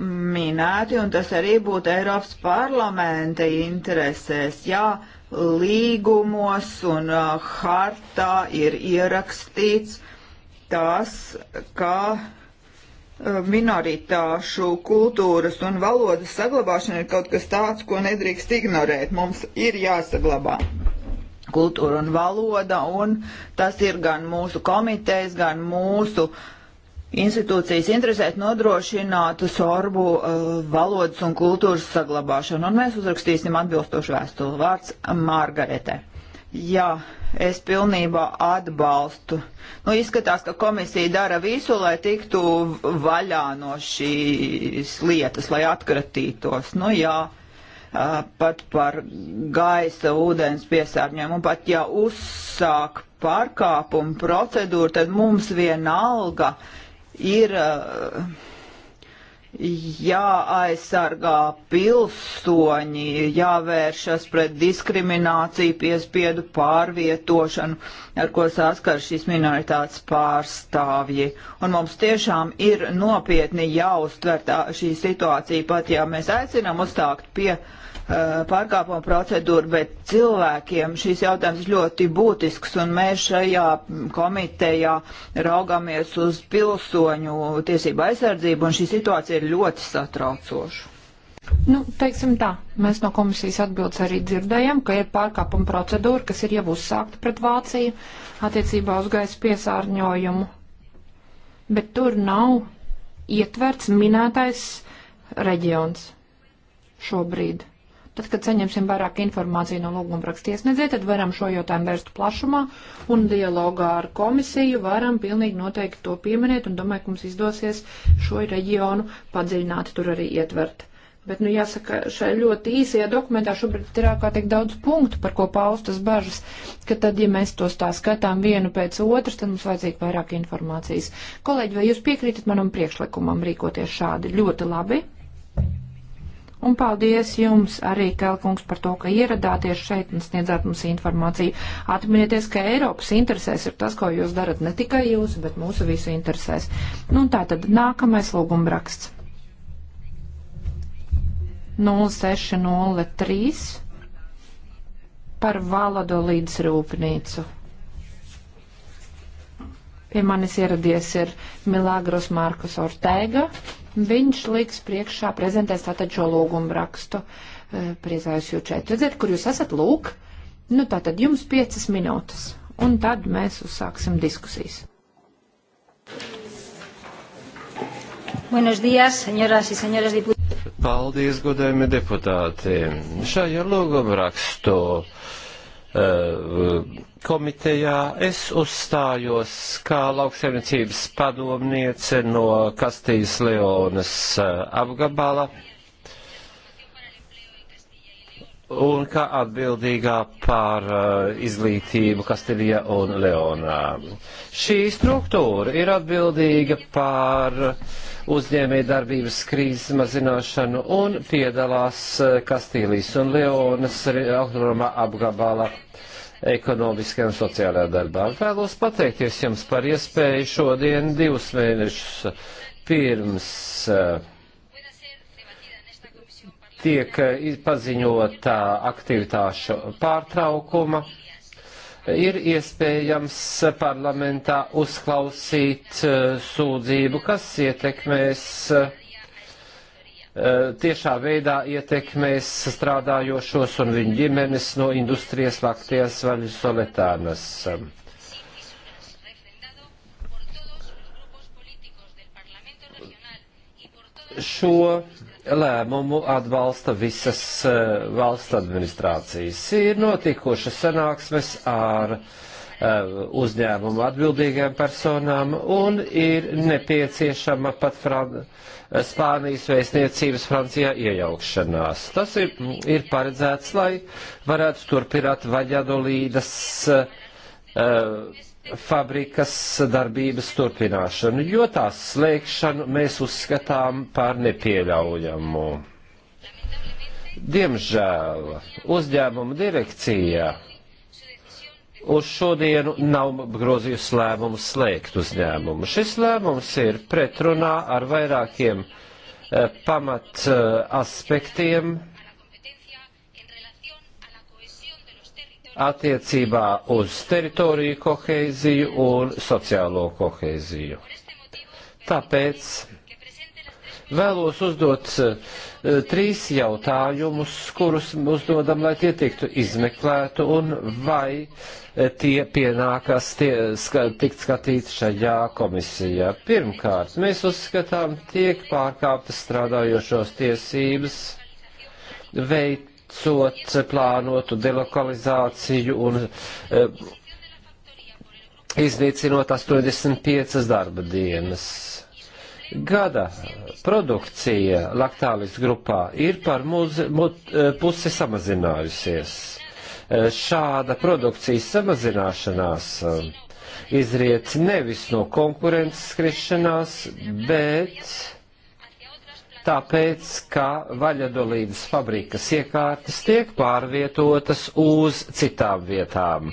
minēti, un tas arī būtu Eiropas parlamenta interesēs. Jā, līgumos un hartā ir ierakstīts tas, ka minoritāšu kultūras un valodas saglabāšana ir kaut kas tāds, ko nedrīkst ignorēt. Mums ir jāsaglabā kultūra un valoda, un tas ir gan mūsu komitejas, gan mūsu institūcijas interesēt nodrošināt sorbu uh, valodas un kultūras saglabāšanu. Un mēs uzrakstīsim atbilstošu vēstuli. Vārds Margaretē. Jā. Ja es pilnībā atbalstu. Nu, izskatās, ka komisija dara visu, lai tiktu vaļā no šīs lietas, lai atkratītos. Nu, jā, pat par gaisa, ūdens piesārņojumu, un pat ja uzsāk pārkāpumu procedūru, tad mums vienalga ir. Uh, jāaizsargā pilsoņi, jāvēršas pret diskrimināciju, piespiedu pārvietošanu, ar ko saskar šīs minoritātes pārstāvji. Un mums tiešām ir nopietni jāuztver šī situācija, pat ja mēs aicinām uzstākt pie uh, Eh, pārkāpuma procedūra, bet cilvēkiem šis jautājums ļoti būtisks, un mēs šajā komitejā raugamies uz pilsoņu tiesību aizsardzību, un šī situācija ir ļoti satraucoša. Nu, teiksim tā, mēs no komisijas atbildes arī dzirdējam, ka ir pārkāpuma procedūra, kas ir jau uzsākta pret Vāciju attiecībā uz gaisa piesārņojumu. Bet tur nav ietverts minētais reģions šobrīd. Tad, kad saņemsim vairāk informāciju no lūgumraksta iesniedzēja, tad varam šo jautājumu vērst plašumā un dialogā ar komisiju varam pilnīgi noteikti to pieminēt un domāju, ka mums izdosies šo reģionu padziļināt tur arī ietvert. Bet, nu, jāsaka, šajā ļoti īsajā dokumentā šobrīd ir ārkārtīgi daudz punktu, par ko paustas bažas, ka tad, ja mēs tos tā skatām vienu pēc otras, tad mums vajadzīga vairāk informācijas. Kolēģi, vai jūs piekrītat manam priekšlikumam rīkoties šādi? Ļoti labi. Un paldies jums arī, Telkungs, par to, ka ieradāties šeit un sniedzāt mums informāciju. Atminieties, ka Eiropas interesēs ir tas, ko jūs darat ne tikai jūs, bet mūsu visu interesēs. Nu, tā tad nākamais lūgumraksts. 0603 par Valado līdz rūpnīcu. Pie manis ieradies ir Milagros Markus Ortega Viņš liks priekšā prezentēs tātad šo lūgumu rakstu. Eh, priecājos jūs šeit redzēt, kur jūs esat lūk. Nu, tātad jums piecas minūtes, un tad mēs uzsāksim diskusijas. Buenos días, señoras y señores diputados. Paldies, godējumi deputāti. Šajā lūgumrakstu uh, eh, komitejā es uzstājos kā lauksaimniecības padomniece no Kastīs Leonas eh, apgabala un kā atbildīgā par eh, izglītību Kastilijā un Leonā. Šī struktūra ir atbildīga par uzņēmēja darbības krīzes mazināšanu un piedalās eh, Kastīlijas un Leonas autonomā apgabalā ekonomiskajā un sociālajā darbā. Vēlos pateikties jums par iespēju šodien divus mēnešus pirms eh, tiek paziņota aktivitāšu pārtraukuma ir iespējams parlamentā uzklausīt eh, sūdzību, kas ietekmēs uh, Eh, tiešā veidā ietekmēs strādājošos un viņu ģimenes no industrijas Laktijas vaļu soletānas. Šo lēmumu atbalsta visas eh, valsts administrācijas. Ir notikušas sanāksmes ar eh, uzņēmumu atbildīgām personām un ir nepieciešama pat Francija Spānijas vēstniecības Francijā iejaukšanās. Tas ir, ir paredzēts, lai varētu turpināt Vaļadolīdas uh, fabrikas darbības turpināšanu, jo tās slēgšanu mēs uzskatām par nepieļaujamu. Diemžēl uzņēmuma direkcijā uz šodienu nav grozījusi lēmumu slēgt uzņēmumu. Šis lēmums ir pretrunā ar vairākiem eh, pamat eh, aspektiem attiecībā uz teritoriju koheiziju un sociālo koheiziju. Tāpēc vēlos uzdot eh, trīs jautājumus, kurus uzdodam, lai tie tiktu izmeklētu un vai eh, tie pienākas tie, ska, tikt skatīti šajā komisijā. Pirmkārt, mēs uzskatām, tiek pārkāptas strādājošos tiesības veicot eh, plānotu delokalizāciju un e, iznīcinot 85 darba dienas gada produkcija laktālis grupā ir par mūz, mut, eh, pusi samazinājusies. Eh, šāda produkcijas samazināšanās eh, izriet nevis no konkurences skrišanās, bet tāpēc, ka vaļadolīdas fabrikas iekārtas tiek pārvietotas uz citām vietām.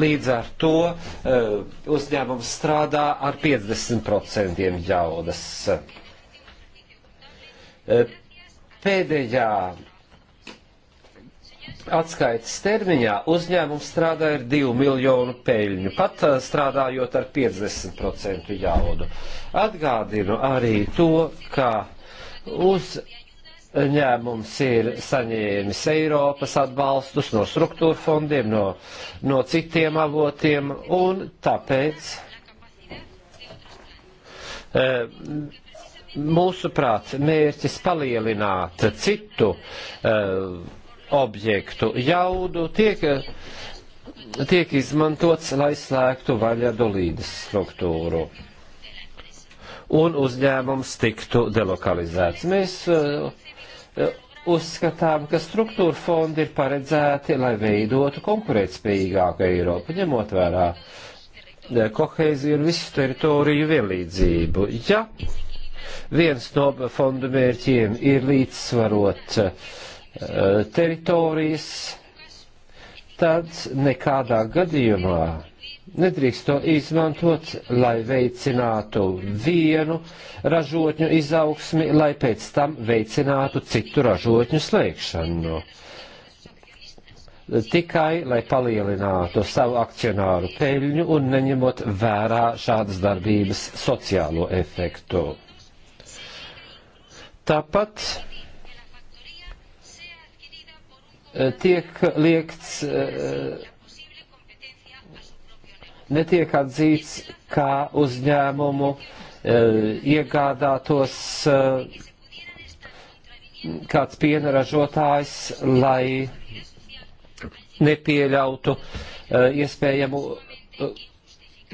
Līdz ar to eh, uzņēmums strādā ar 50% jaudas. Eh, pēdējā atskaites termiņā uzņēmums strādā ar 2 miljonu peļņu, pat eh, strādājot ar 50% jaudu. Atgādinu arī to, ka Uz ņēmums ir saņēmis Eiropas atbalstus no struktūra fondiem, no, no citiem avotiem, un tāpēc e, mūsuprāt mērķis palielināt citu e, objektu jaudu tiek, tiek izmantots, lai slēgtu vaļa dolīdas struktūru un uzņēmums tiktu delokalizēts. Mēs uh, uzskatām, ka struktūra fondi ir paredzēti, lai veidotu konkurētspējīgāku Eiropu, ņemot vērā eh, koheiziju un visu teritoriju vienlīdzību. Ja viens no fondu mērķiem ir līdzsvarot uh, teritorijas, tad nekādā gadījumā nedrīkst to izmantot, lai veicinātu vienu ražotņu izaugsmi, lai pēc tam veicinātu citu ražotņu slēgšanu. Tikai, lai palielinātu savu akcionāru peļņu un neņemot vērā šādas darbības sociālo efektu. Tāpat eh, tiek liekts uh, eh, netiek atzīts kā uzņēmumu eh, iegādātos eh, kāds piena ražotājs, lai nepieļautu eh, iespējamu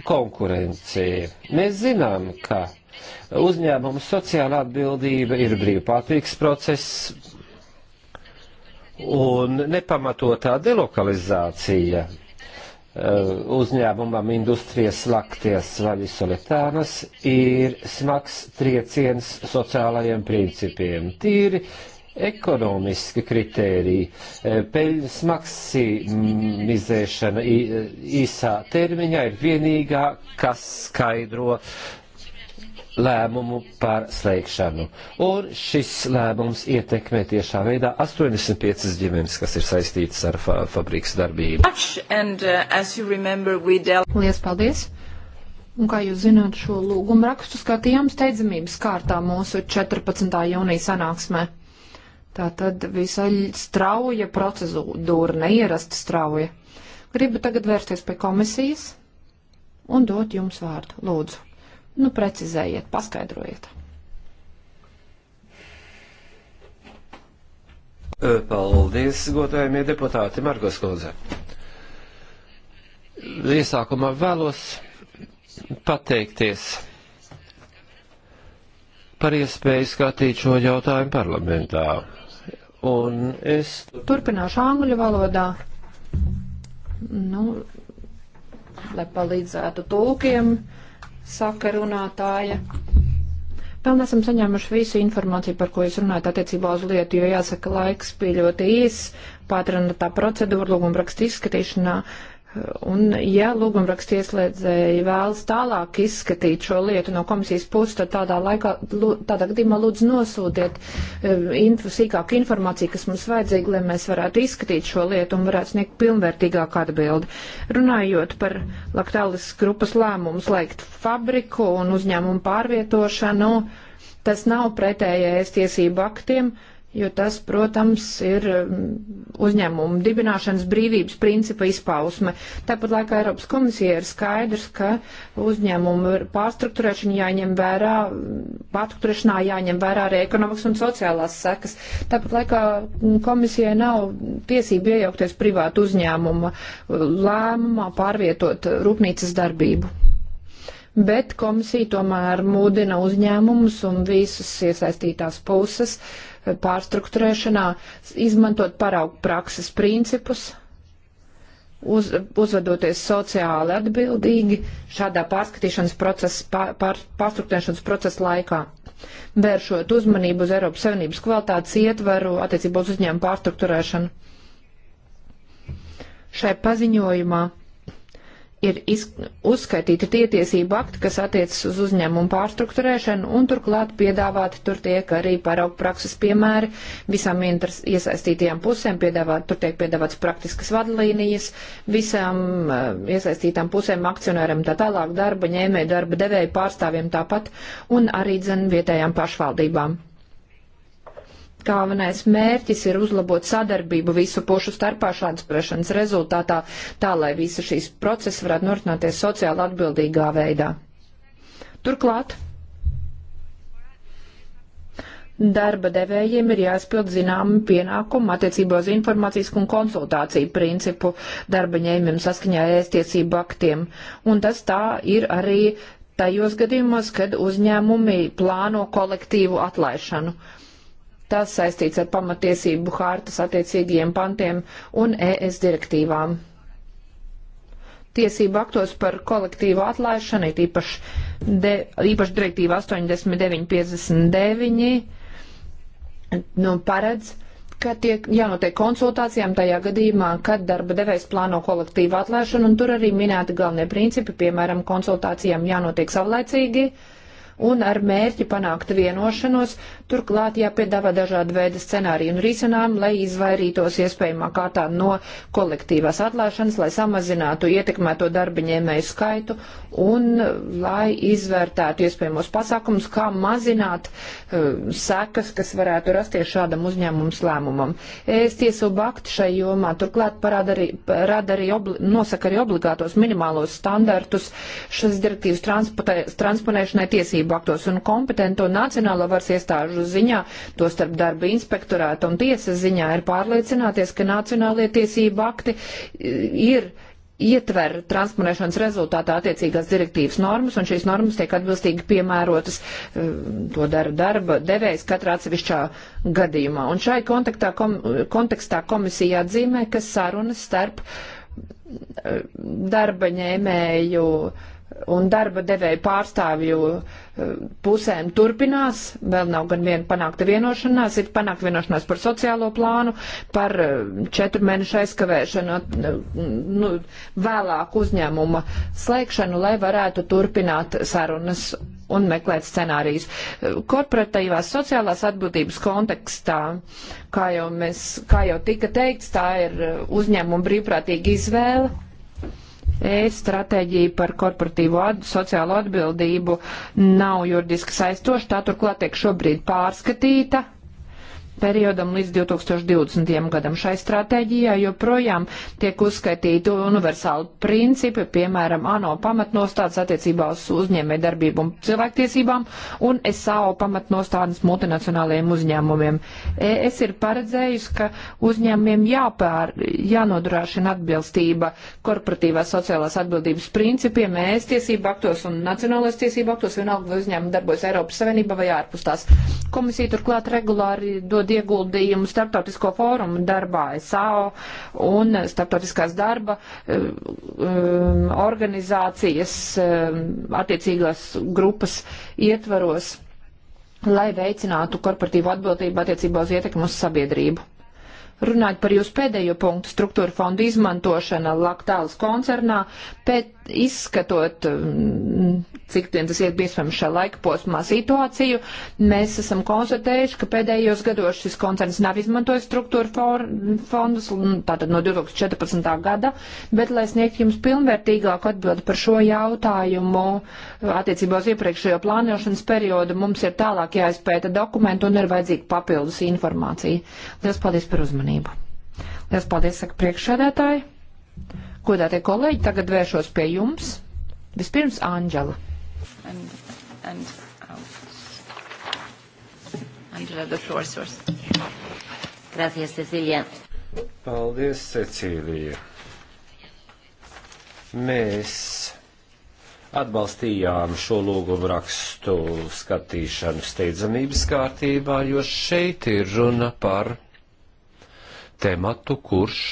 konkurenci. Mēs zinām, ka uzņēmuma sociāla atbildība ir brīvprātīgs process un nepamatotā delokalizācija Eh, uzņēmumam industrijas slakties vaļi solitānas ir smags trieciens sociālajiem principiem. Tīri ekonomiski kritēriji, eh, peļņas maksimizēšana eh, īsā termiņā ir vienīgā, kas skaidro lēmumu par slēgšanu. Un šis lēmums ietekmē tiešā veidā 85 ģimenes, kas ir saistītas ar fa fabriks darbību. Uh, Lielas paldies! Un kā jūs zināt, šo lūgumu rakstu skatījām steidzamības kārtā mūsu 14. jūnija sanāksmē. Tā tad visai strauja procedūra, neierasta strauja. Gribu tagad vērsties pie komisijas un dot jums vārdu. Lūdzu. Nu, precizējiet, paskaidrojiet. Paldies, godājumie deputāti Margos Kodze. Iesākumā vēlos pateikties par iespēju skatīt šo jautājumu parlamentā. Un es turpināšu angļu valodā, nu, lai palīdzētu tulkiem. Uh, saka runātāja. Vēl nesam saņēmuši visu informāciju, par ko jūs runājat attiecībā uz lietu, jo jāsaka, laiks bija ļoti īs, pātrina tā procedūra, lūguma raksta izskatīšanā Un, ja lūgumraksta ieslēdzēji vēlas tālāk izskatīt šo lietu no komisijas puses, tad tādā, laikā, tādā gadījumā lūdzu nosūtiet eh, info, sīkāku informāciju, kas mums vajadzīga, lai mēs varētu izskatīt šo lietu un varētu sniegt pilnvērtīgāku atbildi. Runājot par Laktālis grupas lēmumu slēgt fabriku un uzņēmumu pārvietošanu, tas nav pretējais tiesību aktiem. Uh, jo tas, protams, ir mm, uzņēmumu dibināšanas brīvības principa izpausme. Tāpat laikā Eiropas komisija ir skaidrs, ka uzņēmumu pārstruktūrēšana jāņem vērā, pārstruktūrēšanā jāņem vērā arī ekonomikas un sociālās sekas. Tāpat laikā mm, komisijai nav tiesība iejaukties privātu uzņēmuma lēmumā pārvietot rūpnīcas darbību bet komisija tomēr mūdina uzņēmumus un visas iesaistītās puses pārstruktūrēšanā, izmantot paraugu prakses principus, uz, uzvedoties sociāli atbildīgi šādā pārskatīšanas procesa, pār, pār, pārstruktūrēšanas procesa laikā. Vēršot uzmanību uz Eiropas Savienības kvalitātes ietveru attiecībā uz uzņēmumu pārstruktūrēšanu. Šai paziņojumā ir iz, uzskaitīti tie tiesību akti, kas attiecas uz uzņēmumu pārstruktūrēšanu, un turklāt piedāvāti tur tiek arī paraugu prakses piemēri visām interes, iesaistītajām pusēm, piedāvāt, tur tiek piedāvāts praktiskas vadlīnijas visām uh, iesaistītām pusēm, akcionāriem tā tālāk, darba ņēmēju, darba devēju pārstāvjiem tāpat, un arī dzen vietējām pašvaldībām. Galvenais mērķis ir uzlabot sadarbību visu pušu starpā šādas priešanas rezultātā, tā lai visa šīs procesa varētu norināties sociāli atbildīgā veidā. Turklāt darba devējiem ir jāizpild zināmi pienākumi attiecībā uz informācijas un konsultāciju principu darba ņēmumiem saskaņā ēstiesību aktiem. Un tas tā ir arī tajos gadījumos, kad uzņēmumi plāno kolektīvu atlaišanu. Uh, Tas saistīts ar pamatiesību hārtas attiecīgajiem pantiem un ES direktīvām. Tiesību aktos par kolektīvu atlaišanu ir īpaši, de, īpaši direktīva 8959 nu, paredz, ka tiek jānotiek konsultācijām tajā gadījumā, kad darba devējs plāno kolektīvu atlaišanu, un tur arī minēti galvenie principi, piemēram, konsultācijām jānotiek savlaicīgi un ar mērķi panākt vienošanos Turklāt jāpiedāvā dažādi veidi scenāriju un risinājumi, lai izvairītos iespējamā kārtā no kolektīvās atlaišanas, lai samazinātu ietekmēto darbiņēmēju skaitu un uh, lai izvērtētu iespējamos pasākumus, kā mazināt uh, sekas, kas varētu rasties šādam uzņēmumu slēmumam. Es tiesību aktu šai jomā turklāt parāda arī, parāda arī obli, nosaka arī obligātos minimālos standartus šas direktīvas transponēšanai tiesību aktos un kompetento nacionālo varas iestāžu institūtu ziņā, to starp darba inspektorāta un tiesas ziņā, ir pārliecināties, ka nacionālie tiesība akti e, ir ietver transponēšanas rezultātā attiecīgās direktīvas normas, un šīs normas tiek atbilstīgi piemērotas, e, to dara darba devējs katrā atsevišķā gadījumā. Un šai kom, kontekstā komisija atzīmē, ka sarunas starp e, darba ņēmēju uh, un darba devēju pārstāvju eh, pusēm turpinās, vēl nav gan viena panākta vienošanās, ir panākta vienošanās par sociālo plānu, par eh, četru mēnešu aizkavēšanu, eh, nu, vēlāk uzņēmuma slēgšanu, lai varētu turpināt sarunas un meklēt scenārijus. Korporatīvās sociālās atbūtības kontekstā, kā jau, mēs, kā jau tika teikts, tā ir uzņēmuma brīvprātīga izvēle ēst stratēģija par korporatīvo at sociālo atbildību nav juridiski saistoša, tā turklāt tiek šobrīd pārskatīta periodam līdz 2020. gadam. Šai stratēģijā joprojām tiek uzskaitīti universāli principi, piemēram, ANO pamatnostādes attiecībā uz uzņēmē darbību un cilvēktiesībām un SAO pamatnostādes multinacionālajiem uzņēmumiem. Es ir paredzējusi, ka uzņēmumiem jāpēr, jānodrošina atbilstība korporatīvās sociālās atbildības principiem, ES tiesību aktos un nacionālais tiesību aktos, vienalga vai uzņēmumi darbojas Eiropas Savienībā vai ārpus tās. Komisija turklāt regulāri dod milzīgu ieguldījumu starptautisko fórumu darbā, SAO un starptautiskās darba eh, um, organizācijas um, attiecīgās grupas ietvaros, lai veicinātu korporatīvu atbildību attiecībā uz ietekmu uz sabiedrību. Runājot par jūsu pēdējo punktu, struktūra fondu izmantošana Laktāles koncernā, pēc izskatot, mm, cik vien tas ir iespējams šajā laika posmā situāciju, mēs esam konstatējuši, ka pēdējos gados šis koncerns nav izmantojis struktūra fondus, tātad no 2014. gada, bet, lai sniegtu jums pilnvērtīgāku atbildi par šo jautājumu, attiecībā uz iepriekšējo plānošanas periodu mums ir tālāk jāizpēta dokumentu un ir vajadzīga papildus informācija. Lielas paldies par uzmanību. Lielas paldies, saka priekšsēdētāji. Godātie kolēģi, tagad vēršos pie jums. Vispirms Anģela. And, and oh. Angela, the floor is yours. Gracias, Cecilija. Paldies, Cecīlija. Mēs atbalstījām šo lūgumu rakstu skatīšanu steidzamības kārtībā, jo šeit ir runa par tematu, kurš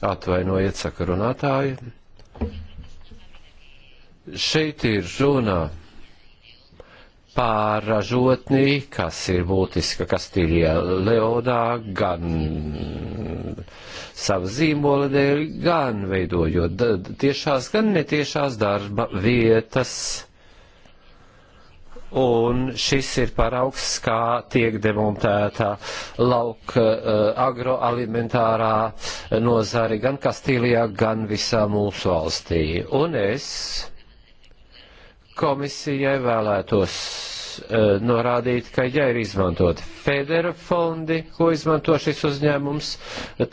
Atvainojiet sakarunātāji. Šeit ir runa pārražotnī, kas ir būtiska Kastīļā Leodā, gan savu zīmola dēļ, gan veidojot tiešās, gan netiešās darba vietas un šis ir paraugs, kā tiek demontēta lauka eh, agroalimentārā nozari gan Kastīlijā, gan visā mūsu valstī. Un es komisijai vēlētos Eh, norādīt, ka ja ir izmantot federa fondi, ko izmanto šis uzņēmums,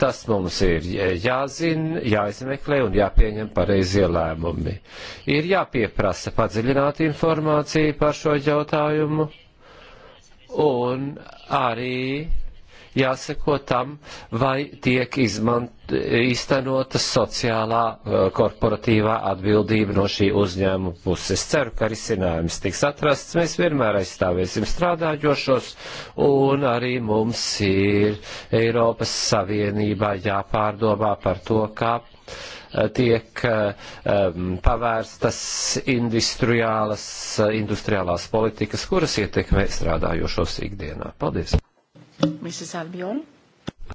tas mums ir jāzina, jāizmeklē un jāpieņem pareizie lēmumi. Ir jāpieprasa padziļināt informāciju par šo jautājumu un arī jāseko tam, vai tiek izmant, iztenota sociālā eh, korporatīvā atbildība no šī uzņēmuma puses. Es ceru, ka risinājums tiks atrasts. Mēs vienmēr aizstāvēsim strādājošos, un arī mums ir Eiropas Savienībā jāpārdomā par to, kā eh, tiek um, pavērstas industriālas, industriālās politikas, kuras ietekmē strādājošos ikdienā. Paldies! Mrs. Albiola.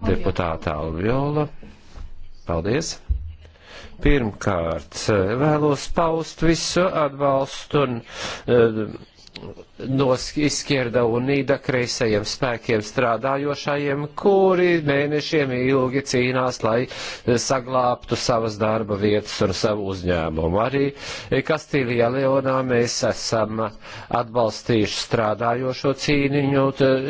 Deputāta Albiola. Paldies. Pirmkārt, vēlos paust visu atbalstu un uh, no izskierda un nīda kreisajiem spēkiem strādājošajiem, kuri mēnešiem ilgi cīnās, lai eh, saglābtu savas darba vietas un savu uzņēmumu. Arī Kastīlijā Leonā mēs esam atbalstījuši strādājošo cīniņu.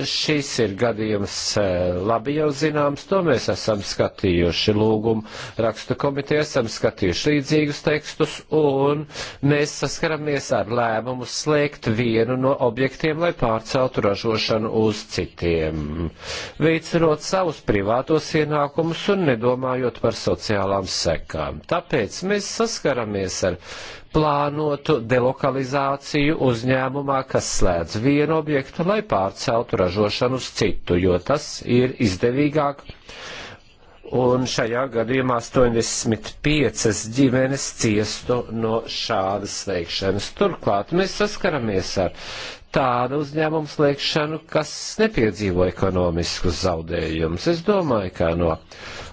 Šis ir gadījums eh, labi jau zināms, to mēs esam skatījuši lūgumu rakstu komiteju, esam skatījuši līdzīgus tekstus un mēs saskaramies ar lēmumu slēgt vienu no objektiem, lai pārceltu ražošanu uz citiem, veicinot savus privātos ienākumus un nedomājot par sociālām sekām. Tāpēc mēs saskaramies ar plānotu delokalizāciju uzņēmumā, kas slēdz vienu objektu, lai pārceltu ražošanu uz citu, jo tas ir izdevīgāk un šajā gadījumā 85 ģimenes ciestu no šādas slēgšanas. Turklāt mēs saskaramies ar tādu uzņēmumu slēgšanu, kas nepiedzīvo ekonomiskus zaudējumus. Es domāju, ka no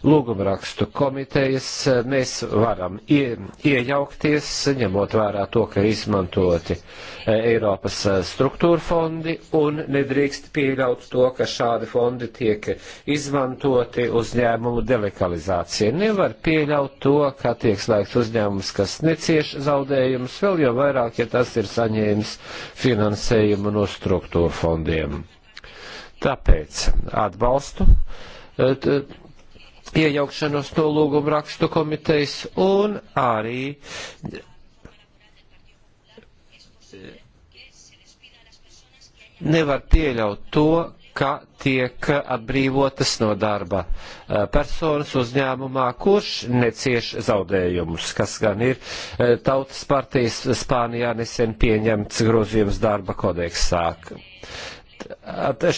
lūgumrakstu komitejas mēs varam ie, iejaukties, ņemot vērā to, ka ir izmantoti e, Eiropas e, struktūra fondi un nedrīkst pieļaut to, ka šādi fondi tiek izmantoti uzņēmumu delikalizācijai. Nevar pieļaut to, ka tiek slēgts uzņēmums, kas necieš zaudējumus, vēl jau vairāk, ja tas ir saņēmis finansējumu no struktūra fondiem. Tāpēc atbalstu e, iejaukšanos no lūguma rakstu komitejas un arī nevar pieļaut to, ka tiek atbrīvotas no darba eh, personas uzņēmumā, kurš necieš zaudējumus, kas gan ir eh, Tautas partijas Spānijā nesen pieņemts grozījums darba kodeksā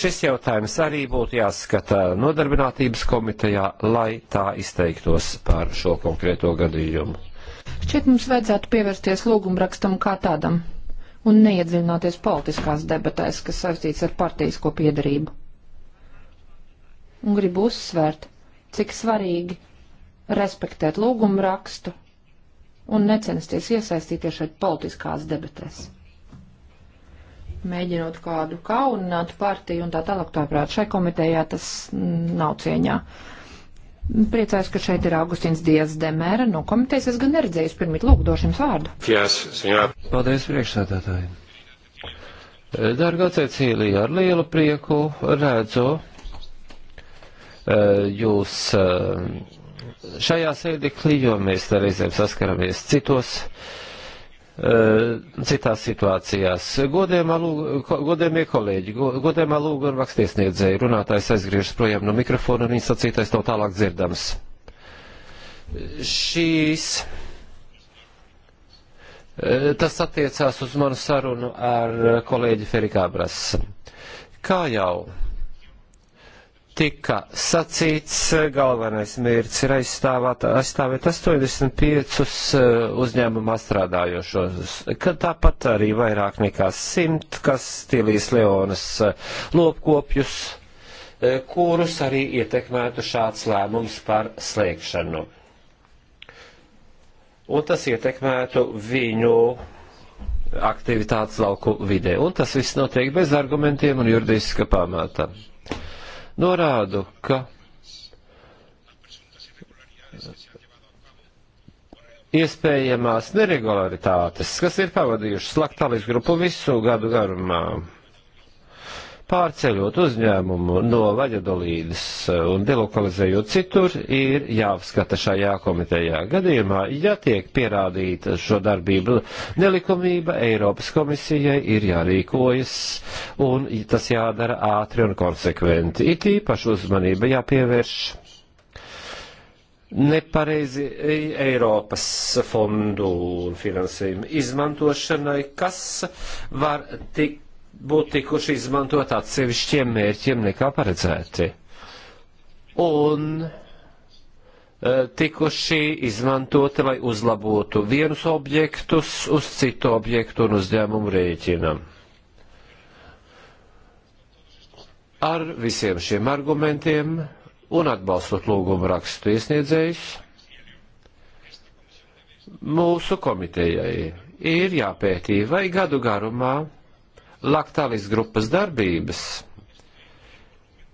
šis jautājums arī būtu jāskata nodarbinātības komitejā, lai tā izteiktos par šo konkrēto gadījumu. Šķiet, mums vajadzētu pievērsties lūgumrakstam kā tādam un neiedziļināties politiskās debatēs, kas saistīts ar partijasko piedarību. Un gribu uzsvērt, cik svarīgi respektēt lūgumrakstu un necensties iesaistīties šeit politiskās debatēs mēģinot kādu kaunināt partiju un tā tālāk. Tāprāt, šai komitejā tas mm, nav cieņā. Priecājos, ka šeit ir Augustīns Dievs Demēra no komitejas. Es gan neredzēju, pirmīt lūk, došu jums vārdu. Yes, yeah. Paldies, priekšsēdētāji. Dārgā Cecīlija, ar lielu prieku redzu eh, jūs eh, šajā sēdeklī, jo mēs reizēm saskaramies citos uh, Eh, citās situācijās. Godējumā, godējumie kolēģi, godējumā lūgu ar rakstiesniedzēju, runātājs aizgriežas projām no mikrofona un viņa sacītais nav tālāk dzirdams. Šīs. Eh, tas attiecās uz manu sarunu ar kolēģi Ferikābras. Kā jau tika sacīts, eh, galvenais mērķis ir aizstāvāt, aizstāvēt 85 eh, uzņēmumā strādājošos, kad tāpat arī vairāk nekā 100, kas stilīs Leonas eh, lopkopjus, kurus arī ietekmētu šāds lēmums par slēgšanu. Un tas ietekmētu viņu aktivitātes lauku vidē. Un tas viss notiek bez argumentiem un juridiska pamata. Norādu, ka iespējamās neregularitātes, kas ir pavadījušas Laktālijas grupu visu gadu garumā Pārceļot uzņēmumu no Vaļadolīdas eh, un delokalizējot citur, ir jāapskata šajā komitejā gadījumā. Ja tiek pierādīta šo darbību nelikumība, Eiropas komisijai ir jārīkojas un tas jādara ātri un konsekventi. It īpaši uzmanība jāpievērš nepareizi Eiropas fondu un finansējumu izmantošanai, kas var tikt būtu tikuši izmantot atsevišķiem mērķiem nekā paredzēti. Un e, tikuši izmantoti, lai uzlabotu vienus objektus uz citu objektu un uzņēmumu rēķinam. Ar visiem šiem argumentiem un atbalstot lūgumu rakstu iesniedzējus, mūsu komitejai ir jāpētī, vai gadu garumā Laktāvis grupas darbības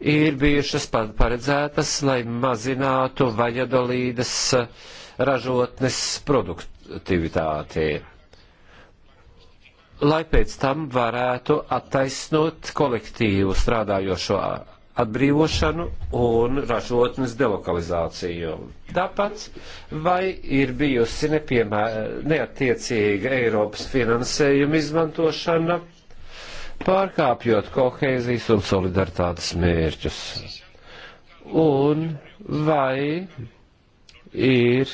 ir bijušas paredzētas, lai mazinātu Vaļadolīdas eh, ražotnes produktivitāti, lai pēc tam varētu attaisnot kolektīvu strādājošo atbrīvošanu un ražotnes delokalizāciju. Tāpat vai ir bijusi nepiemē, neattiecīga Eiropas finansējuma izmantošana pārkāpjot kohēzijas un solidaritātes mērķus. Un vai ir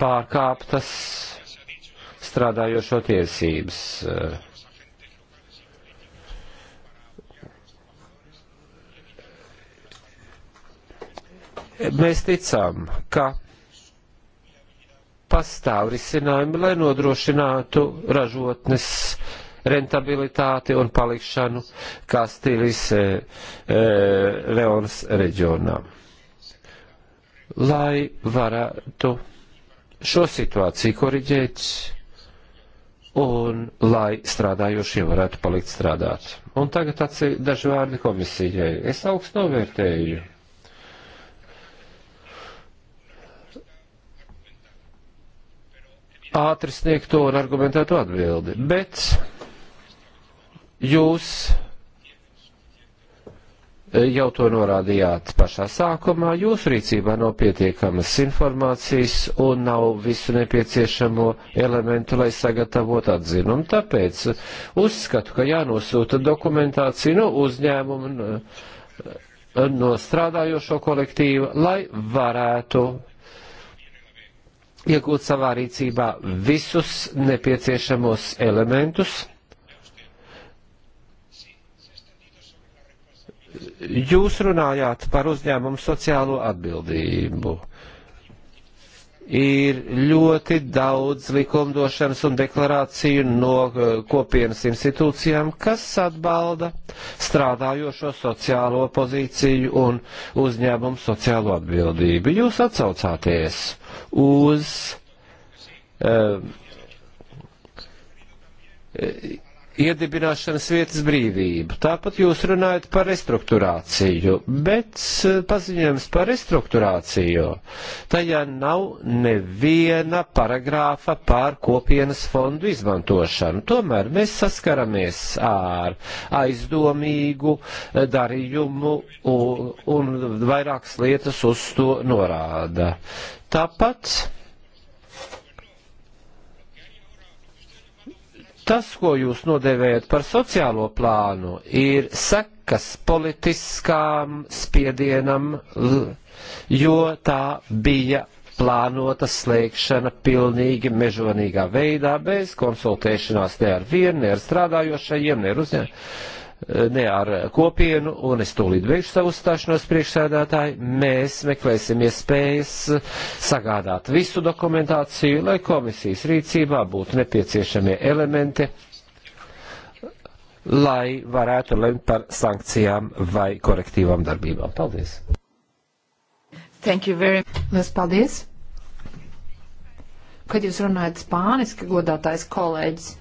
pārkāptas strādājošo tiesības? Mēs ticam, ka pastāv risinājumi, lai nodrošinātu ražotnes uh, rentabilitāti un palikšanu Kastīlis e, e, Leons reģionā. Lai varētu šo situāciju koriģēt un lai strādājošie varētu palikt strādāt. Un tagad atsi daži vārdi komisijai. Es augstu novērtēju. ātri sniegto un argumentētu atbildi. Bet Jūs e, jau to norādījāt pašā sākumā, jūsu rīcībā nav pietiekamas informācijas un nav visu nepieciešamo elementu, lai sagatavotu atzinumu. Tāpēc uzskatu, ka jānosūta dokumentācija no uzņēmuma, e, no strādājošo kolektīva, lai varētu iegūt savā rīcībā visus nepieciešamos elementus Jūs runājāt par uzņēmumu sociālo atbildību ir ļoti daudz likumdošanas un deklarāciju no eh, kopienas institūcijām, kas atbalda strādājošo sociālo pozīciju un uzņēmumu sociālo atbildību. Jūs atsaucāties uz um, iedibināšanas vietas brīvību. Tāpat jūs runājat par restruktūrāciju, bet eh, paziņojums par restruktūrāciju. Tajā nav neviena paragrāfa par kopienas fondu izmantošanu. Tomēr mēs saskaramies ar aizdomīgu eh, darījumu un, un vairākas lietas uz to norāda. Tāpat Tas, ko jūs nodēvējat par sociālo plānu, ir sekas politiskām spiedienam, jo tā bija plānota slēgšana pilnīgi mežonīgā veidā, bez konsultēšanās ne ar vienu, ne ar strādājošajiem, ne ar uzņēmumiem ne ar kopienu, un es tūlīt beigšu savu stāšanos priekšsēdētāji. Mēs meklēsim iespējas sagādāt visu dokumentāciju, lai komisijas rīcībā būtu nepieciešamie elementi, lai varētu lemt par sankcijām vai korektīvām darbībām. Paldies! Thank you very much. Lies paldies! Kad jūs runājat spāniski, godātais kolēģis,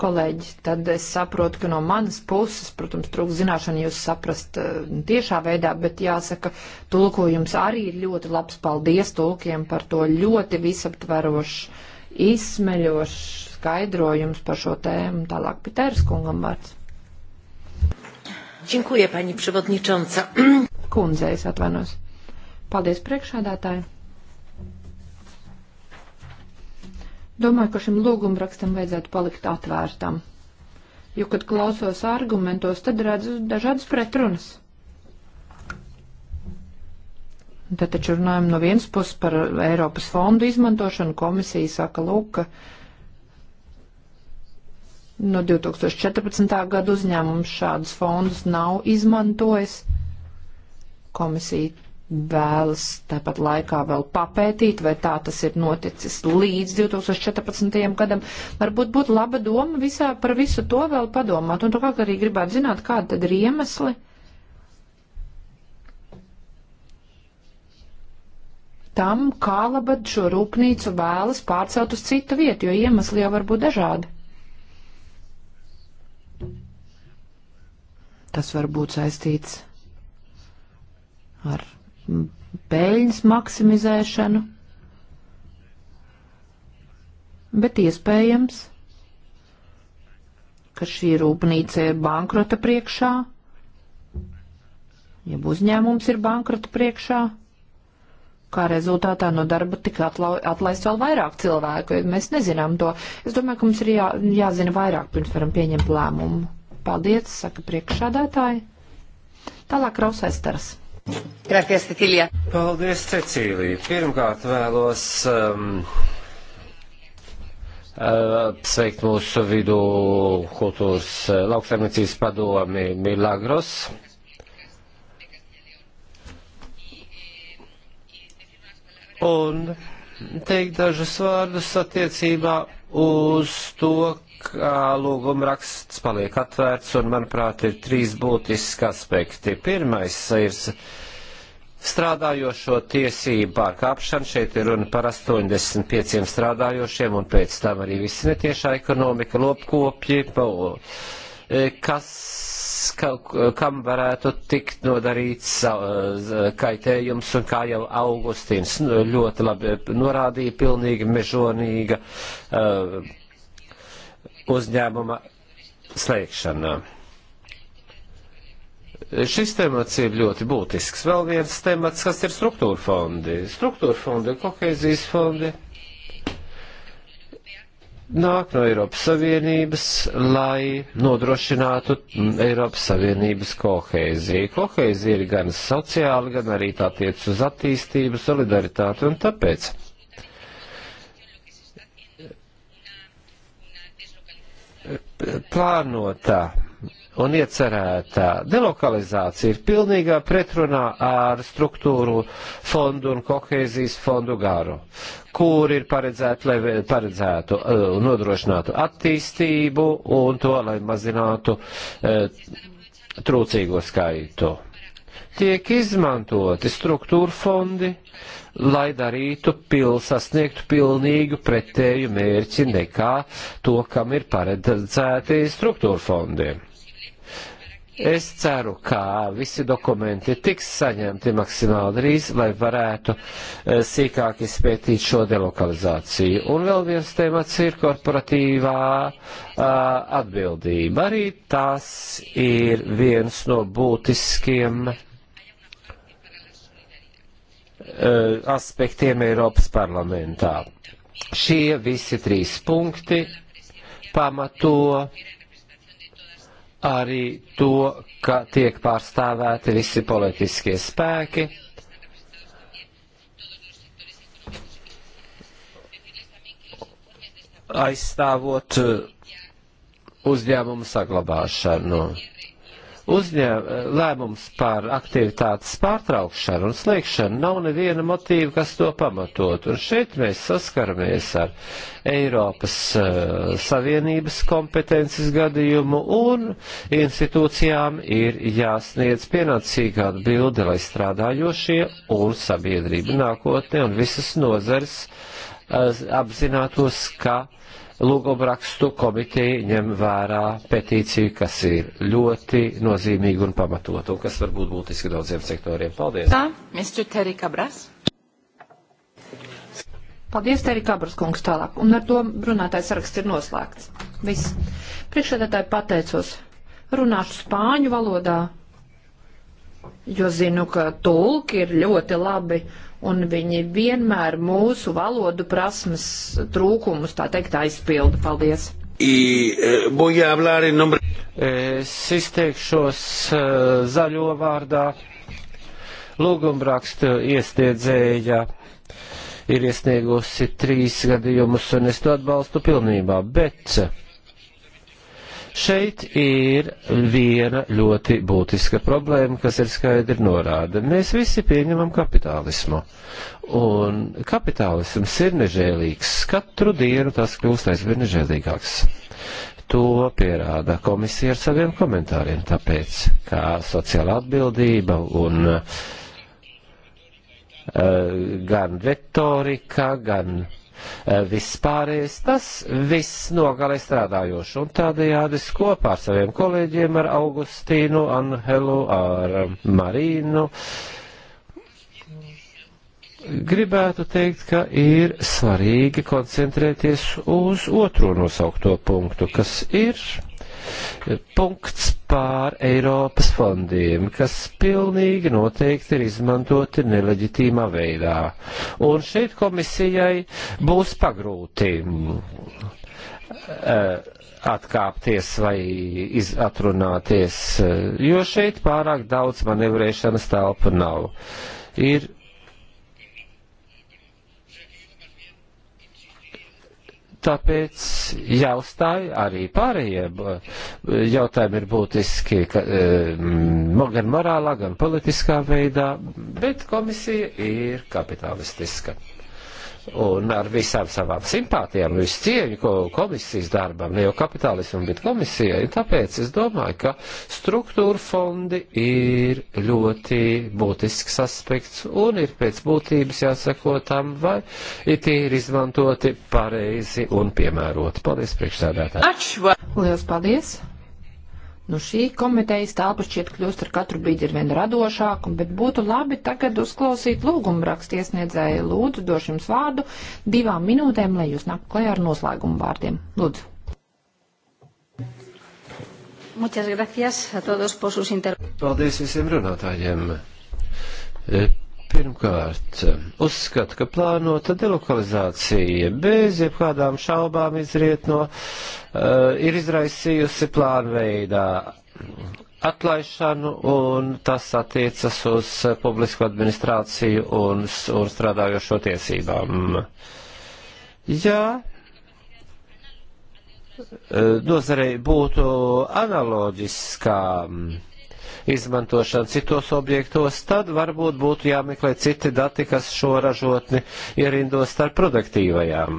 kolēģi, tad es saprotu, ka no manas puses, protams, trūkst zināšana jūs saprast eh, tiešā veidā, bet jāsaka, tulkojums arī ir ļoti labs. Paldies tulkiem par to ļoti visaptverošu, izsmeļošu skaidrojums par šo tēmu. Tālāk Pitērs kungam vārds. Dziękuję, pani przewodnicząca. Kundze, es atvainos. Paldies priekšādātāji. Domāju, ka šim lūgumrakstam vajadzētu palikt atvērtam. Jo, kad klausos argumentos, tad redzu dažādas pretrunas. Te taču runājam no vienas puses par Eiropas fondu izmantošanu. Komisija saka, lūk, ka no 2014. gada uzņēmums šādus fondus nav izmantojis. Komisija vēlas tāpat laikā vēl papētīt, vai tā tas ir noticis līdz 2014. gadam. Varbūt būtu laba doma visā par visu to vēl padomāt, un to kā arī gribētu zināt, kāda tad ir iemesli. Tam, kā labad šo rūpnīcu vēlas pārcelt uz citu vietu, jo iemesli jau var būt dažādi. Tas var būt saistīts ar peļņas maksimizēšanu, bet iespējams, ka šī rūpnīca ir bankrota priekšā, ja uzņēmums ir bankrota priekšā, kā rezultātā no darba tika atlaist vēl vairāk cilvēku. Mēs nezinām to. Es domāju, ka mums ir jā, jāzina vairāk, pirms varam pieņemt lēmumu. Paldies, saka priekšsādātāji. Tālāk Rausēstars. Gracias, Cecilija. Paldies, Cecīlija. Pirmkārt vēlos um, uh, sveikt mūsu vidū kultūras uh, lauksaimniecības padomi Milagros. Un teikt dažus vārdus attiecībā uz to, ka lūguma raksts paliek atvērts, un, manuprāt, ir trīs būtiski aspekti. Pirmais ir strādājošo tiesību pārkāpšana. Šeit ir runa par 85 strādājošiem, un pēc tam arī visi netiešā ekonomika lopkopji, e, kas, ka, kam varētu tikt nodarīts kaitējums, un kā jau Augustīns nu, ļoti labi norādīja, pilnīgi mežonīga. Uh, uzņēmuma slēgšanā. Šis temats ir ļoti būtisks. Vēl viens temats, kas ir struktūra fondi. Struktūra fondi, kohēzijas fondi nāk no Eiropas Savienības, lai nodrošinātu Eiropas Savienības kohēziju. Kohēzija ir gan sociāla, gan arī tā tiec uz attīstību, solidaritāti un tāpēc plānotā un iecerētā delokalizācija ir pilnīgā pretrunā ar struktūru fondu un kohēzijas fondu garu, kur ir paredzētu, lai paredzētu un nodrošinātu attīstību un to, lai mazinātu eh, trūcīgo skaitu. Tiek izmantoti struktūra fondi, uh, lai darītu pil, sasniegtu pilnīgu pretēju mērķi nekā to, kam ir paredzēti struktūra fondiem. Es ceru, ka visi dokumenti tiks saņemti maksimāli drīz, lai varētu eh, sīkāk izpētīt šo delokalizāciju. Un vēl viens temats ir korporatīvā eh, atbildība. Arī tas ir viens no būtiskiem Eh, aspektiem Eiropas parlamentā. Šie visi trīs punkti pamato arī to, ka tiek pārstāvēti visi politiskie spēki. aizstāvot eh, uzņēmumu saglabāšanu uzņēm, lēmums par aktivitātes pārtraukšanu un slēgšanu nav neviena motīva, kas to pamatot. Un šeit mēs saskaramies ar Eiropas uh, Savienības kompetences gadījumu un institūcijām ir jāsniedz pienācīgā atbilde, lai strādājošie un sabiedrība nākotnē un visas nozars uh, eh, apzinātos, ka uh, Lūgobrakstu komiteja ņem vērā petīciju, kas ir ļoti nozīmīga un pamatota, un kas var būt būtiski daudziem sektoriem. Paldies! Tā, Mr. Terry Cabras. Paldies, Terī Kabras kungs, tālāk. Un ar to runātājs saraksts ir noslēgts. Viss. Priekšsēdētāji pateicos. Runāšu spāņu valodā, jo zinu, ka tulki ir ļoti labi un viņi vienmēr mūsu valodu prasmes trūkumus, tā teikt, aizpilda. Paldies! Eh, es izteikšos eh, zaļo vārdā. Lūgumrakstu iestiedzēja ir iesniegusi trīs gadījumus, un es to atbalstu pilnībā, bet Šeit ir viena ļoti būtiska problēma, kas ir skaidri norāda. Mēs visi pieņemam kapitālismu. Un kapitālisms ir nežēlīgs. Katru dienu tas kļūst aizvien nežēlīgāks. To pierāda komisija ar saviem komentāriem, tāpēc, kā sociāla atbildība un uh, gan retorika, gan Eh, vispārējais, tas viss nogalē strādājoši. Un tādējādi es kopā ar saviem kolēģiem, ar Augustīnu, Anhelu, ar Marīnu, gribētu teikt, ka ir svarīgi koncentrēties uz otro nosaukto punktu, kas ir punkts pār Eiropas fondiem, kas pilnīgi noteikti ir izmantoti neleģitīmā veidā. Un šeit komisijai būs pagrūti eh, atkāpties vai atrunāties, eh, jo šeit pārāk daudz manevrēšanas telpu nav. Ir Tāpēc jāuzstāj arī pārējiem jautājumi ir būtiski ka, e, gan morālā, gan politiskā veidā, bet komisija ir kapitalistiska un ar visām savām simpātijām, visu cieņu ko komisijas darbam, ne jau kapitālismam, bet komisijai. Tāpēc es domāju, ka struktūra fondi ir ļoti būtisks aspekts un ir pēc būtības jāsako tam, vai it ir izmantoti pareizi un piemēroti. Paldies, priekšsēdētāji! Liels paldies! Nu, šī komitejas telpa šķiet kļūst ar katru brīdi ar vien radošāku, bet būtu labi tagad uzklausīt lūgumu rakstu iesniedzēju. Lūdzu, došu jums vārdu divām minūtēm, lai jūs nāk klajā ar noslēgumu vārdiem. Lūdzu. Paldies visiem runātājiem Pirmkārt, uzskatu, ka plānota delokalizācija bez jebkādām šaubām izriet no, uh, ir izraisījusi plānveidā atlaišanu, un tas attiecas uz publisku administrāciju un, un strādājošo tiesībām. Jā, eh, nozarei būtu analoģiskām izmantošanu citos objektos, tad varbūt būtu jāmeklē citi dati, kas šo ražotni ierindos starp produktīvajām.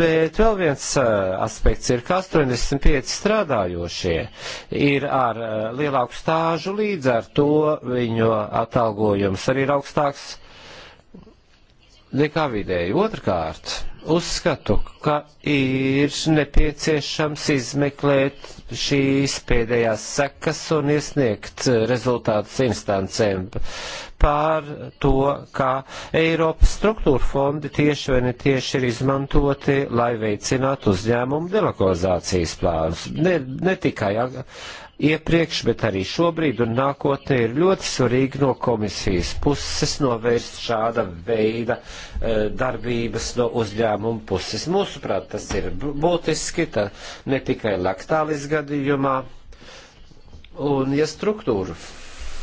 Bet vēl viens eh, aspekts ir, ka 85 strādājošie ir ar eh, lielāku stāžu, līdz ar to viņu atalgojums arī ir augstāks nekā vidēji. Otrkārt, uzskatu, ka ir nepieciešams izmeklēt šīs pēdējās sekas un iesniegt rezultātus instancēm pār to, kā Eiropas struktūra fondi tieši vai netieši ir izmantoti, lai veicinātu uzņēmumu delokalizācijas plānus. Ne, ne tikai iepriekš, bet arī šobrīd un nākotnē ir ļoti svarīgi no komisijas puses novērst šāda veida eh, darbības no uzņēmuma puses. Mūsuprāt, tas ir būtiski, tā ne tikai laktālis gadījumā. Un ja struktūra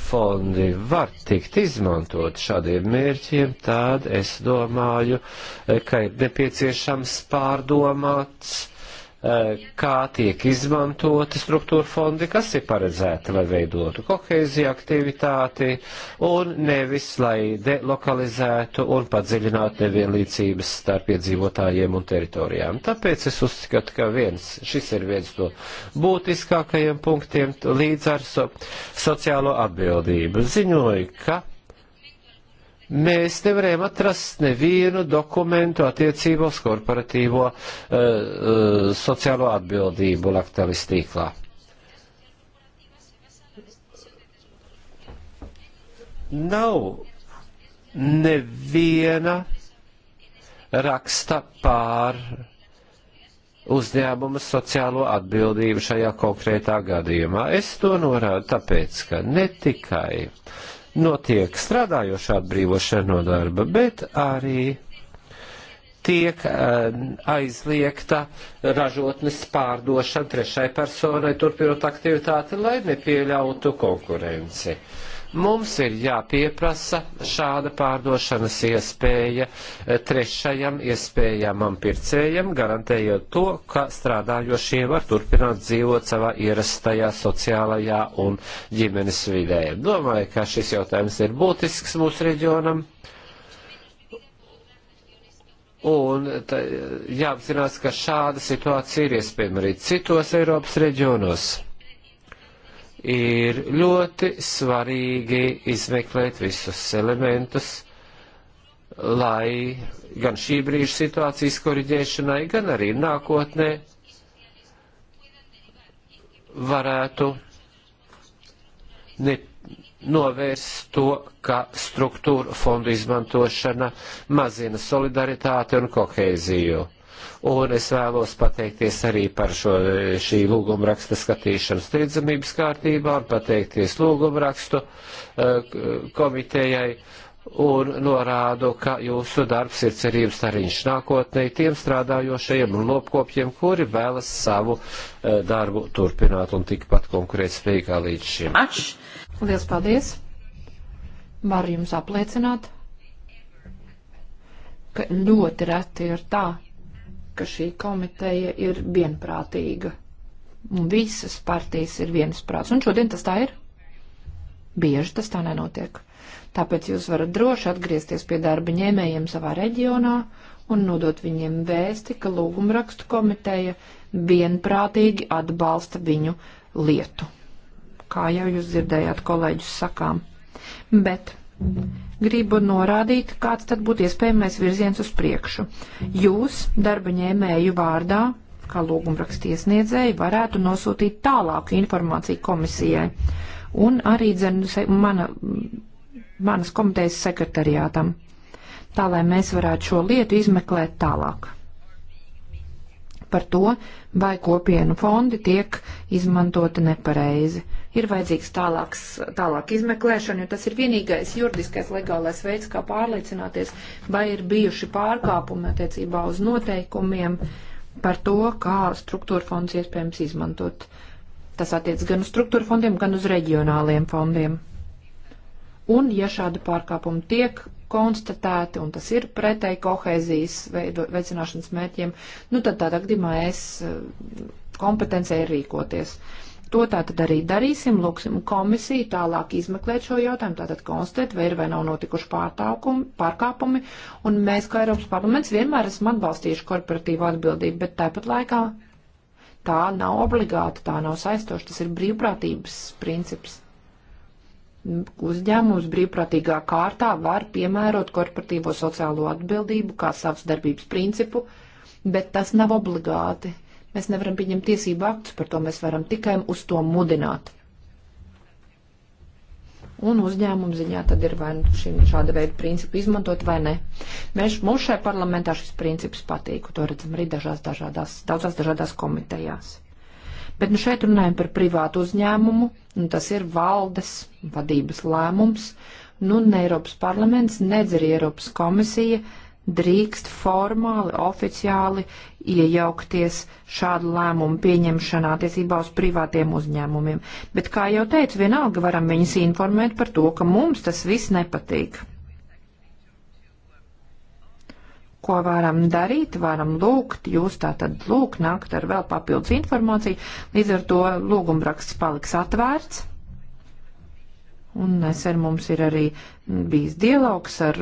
fondi var tikt izmantot šādiem mērķiem, tad es domāju, eh, ka ir nepieciešams pārdomāts Eh, kā tiek izmantoti struktūra fondi, kas ir paredzēti, lai veidotu kohēziju aktivitāti un nevis, lai delokalizētu un padziļinātu nevienlīdzības starp iedzīvotājiem un teritorijām. Tāpēc es uzskatu, ka viens, šis ir viens no būtiskākajiem punktiem līdz ar so, sociālo atbildību. Ziņoju, ka mēs nevarējām atrast nevienu dokumentu attiecībā uz korporatīvo uh, uh, sociālo atbildību Laktavis tīklā. Nav neviena raksta pār uzņēmuma sociālo atbildību šajā konkrētā gadījumā. Es to norādu tāpēc, ka ne tikai notiek strādājošā atbrīvošana no darba, bet arī tiek eh, aizliegta ražotnes pārdošana trešai personai, turpinot aktivitāti, lai nepieļautu konkurenci. Mums ir jāpieprasa šāda pārdošanas iespēja e, trešajam iespējamam pircējam, garantējot to, ka strādājošie var turpināt dzīvot savā ierastajā sociālajā un ģimenes vidē. Domāju, ka šis jautājums ir būtisks mūsu reģionam. Un e, jāapzinās, ka šāda situācija ir iespējama arī citos Eiropas reģionos ir ļoti svarīgi izmeklēt visus elementus, lai gan šī brīža situācijas koriģēšanai, gan arī nākotnē varētu ne, novērst to, ka struktūra fondu izmantošana mazina solidaritāti un koheiziju un es vēlos pateikties arī par šo, šī lūguma raksta skatīšanu steidzamības kārtībā un pateikties lūguma rakstu eh, komitejai un norādu, ka jūsu darbs ir cerības tariņš nākotnē tiem strādājošajiem un lopkopjiem, kuri vēlas savu eh, darbu turpināt un tikpat konkurēt spējīgā līdz šim. Ač! Liels paldies! Var jums apliecināt, ka ļoti reti ir tā, ka šī komiteja ir vienprātīga. Un visas partijas ir viensprāts. Un šodien tas tā ir. Bieži tas tā nenotiek. Tāpēc jūs varat droši atgriezties pie darba ņēmējiem savā reģionā un nodot viņiem vēsti, ka lūgumrakstu komiteja vienprātīgi atbalsta viņu lietu. Kā jau jūs dzirdējāt kolēģus sakām. Bet gribu norādīt, kāds tad būtu iespējamais virziens uz priekšu. Jūs, darba ņēmēju vārdā, kā lūgumraksta iesniedzēji, varētu nosūtīt tālāku informāciju komisijai un arī dzen, mana, manas komitejas sekretariātam, tā lai mēs varētu šo lietu izmeklēt tālāk par to, vai kopienu fondi tiek izmantoti nepareizi ir vajadzīgs tālāks, tālāk izmeklēšana, jo tas ir vienīgais juridiskais legālais veids, kā pārliecināties, vai ir bijuši pārkāpumi attiecībā uz noteikumiem par to, kā struktūra fonds iespējams izmantot. Tas attiec gan uz struktūra fondiem, gan uz reģionāliem fondiem. Un, ja šādi pārkāpumi tiek konstatēti, un tas ir pretēji kohēzijas veicināšanas mērķiem, nu tad tādā gadījumā es eh, kompetencija ir rīkoties. Uh, To tā tad arī darīsim, lūksim komisiju tālāk izmeklēt šo jautājumu, tātad konstatēt, vai ir vai nav notikuši pārkāpumi, un mēs, kā Eiropas parlaments, vienmēr esam atbalstījuši korporatīvu atbildību, bet tāpat laikā tā nav obligāta, tā nav saistoša, tas ir brīvprātības princips. Uzņēmums brīvprātīgā kārtā var piemērot korporatīvo sociālo atbildību kā savas darbības principu, bet tas nav obligāti. Mēs nevaram pieņemt tiesību aktus, par to mēs varam tikai uz to mudināt. Un uzņēmumu ziņā tad ir vai nu šim, šāda veida principu izmantot vai ne. Mēs, mums šai parlamentā šis princips patīk, to redzam arī dažās dažādās, daudzās dažādās komitejās. Bet nu šeit runājam par privātu uzņēmumu, un tas ir valdes vadības lēmums. Nu, ne Eiropas parlaments, nedz arī Eiropas komisija drīkst formāli, oficiāli iejaukties šādu lēmumu pieņemšanā tiesībā uz privātiem uzņēmumiem. Bet, kā jau teicu, vienalga varam viņus informēt par to, ka mums tas viss nepatīk. Ko varam darīt? Varam lūgt, jūs tā tad lūgt, nākt ar vēl papildus informāciju, līdz ar to lūgumraksts paliks atvērts. Un nesen mums ir arī bijis dialogs ar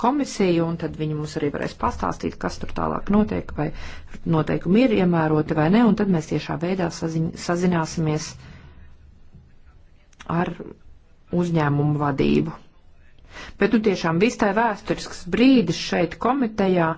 komisiju, un tad viņi mums arī varēs pastāstīt, kas tur tālāk notiek, vai noteikumi ir iemēroti vai ne, un tad mēs tiešā veidā saziņ, sazināsimies ar uzņēmumu vadību. Bet nu tiešām viss tā vēsturisks brīdis šeit komitejā,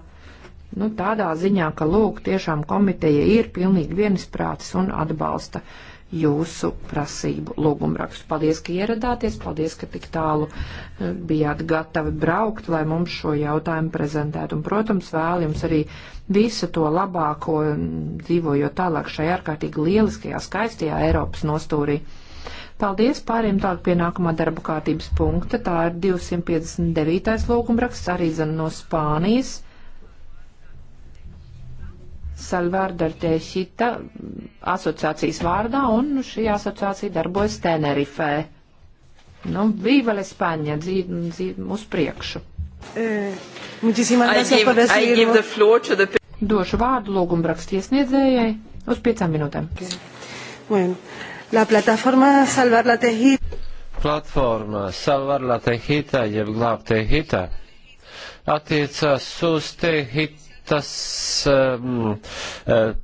nu tādā ziņā, ka lūk, tiešām komiteja ir pilnīgi vienisprātis un atbalsta uh, jūsu prasību lūgumrakstu. Paldies, ka ieradāties, paldies, ka tik tālu eh, bijāt gatavi braukt, lai mums šo jautājumu prezentētu. Un, protams, vēl jums arī visu to labāko mm, dzīvojot tālāk šajā ārkārtīgi lieliskajā, skaistajā Eiropas nostūrī. Paldies, pāriem tālāk pie nākamā darba kārtības punkta. Tā ir 259. lūgumraksts, arī zina no Spānijas. Salvārdar Tēšita asociācijas vārdā, un šī asociācija darbojas Tenerifē. Nu, viva Espaņa, dzīv, dzīv uz priekšu. E, Došu vārdu lūgumrakstu iesniedzējai uz piecām minūtēm. Platforma Salvar la Tehita, jeb glāb Tehita, attiecās uz Tehita vietas, um, uh,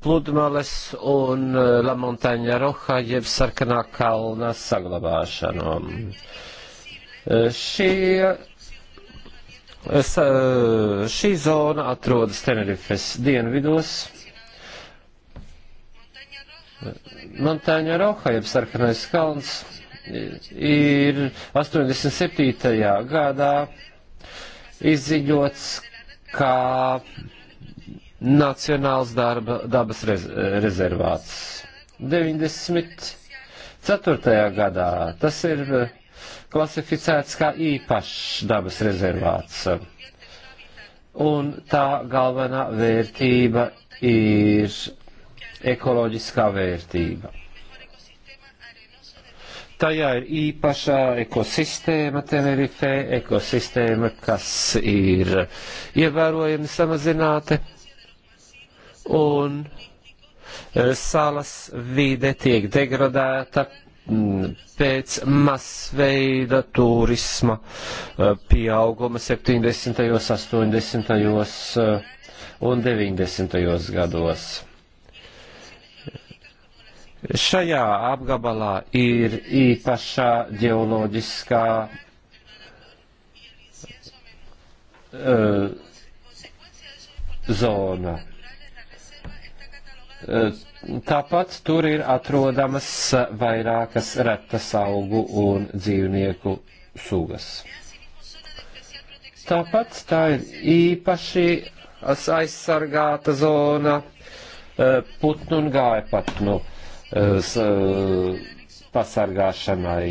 pludmales un uh, La Montaņa Roha jeb sarkanā kalna saglabāšanu. Uh, šie Es, šī zona atrodas Tenerifes dienvidos. Montaņa Roha, jeb sarkanais kalns, ir 87. gadā izziņots kā nacionāls darba, dabas rez, rezervāts. 94. gadā tas ir eh, klasificēts kā īpašs dabas rezervāts. Un tā galvenā vērtība ir ekoloģiskā vērtība. Tajā ir īpašā ekosistēma Tenerife, ekosistēma, kas ir ievērojami samazināta un e, salas vide tiek degradēta pēc masveida turisma e, pieauguma 70., 80. E, un 90. gados. Šajā apgabalā ir īpašā ģeoloģiskā uh, zona. Eh, tāpat tur ir atrodamas vairākas retas augu un dzīvnieku sugas. Tāpat tā ir īpaši aizsargāta zona eh, putnu un gājpatnu eh, pasargāšanai,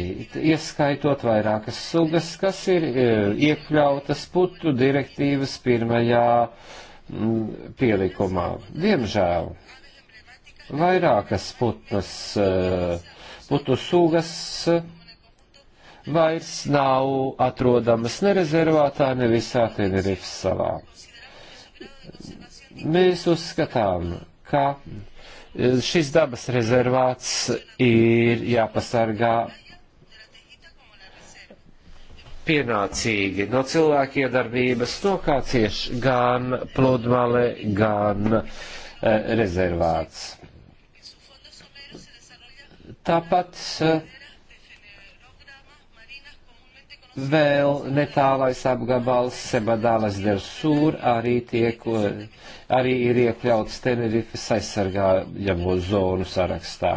ieskaitot vairākas sugas, kas ir iekļautas putu direktīvas pirmajā mm, pielikumā. Diemžēl vairākas putnas, eh, putu sugas vairs nav atrodamas ne rezervātā, ne visā Tenerifas salā. Mēs uzskatām, ka eh, šis dabas rezervāts ir jāpasargā pienācīgi no cilvēku iedarbības, no kā cieš gan pludmale, gan e, rezervāts. Tāpat eh, vēl netālais apgabals Sebadālas del Sur arī, tiek, eh, arī ir iekļauts Tenerifes aizsargājamo zonu sarakstā.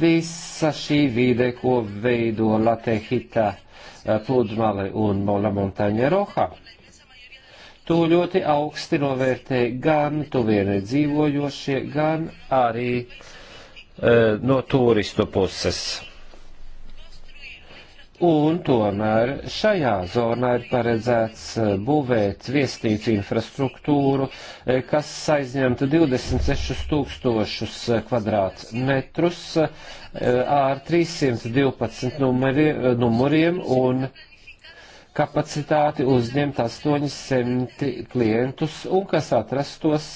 Visa šī vide, ko veido Latehita eh, pludmale un Mola Montaņa Roha, to ļoti augsti novērtē gan tuvienē dzīvojošie, gan arī uh, Eh, no turistu puses. Un tomēr šajā zonā ir paredzēts eh, būvēt viesnīcu infrastruktūru, eh, kas aizņemtu 26 tūkstošus kvadrātmetrus ar 312 numeri, numuriem un kapacitāti uzņemt 800 klientus un kas atrastos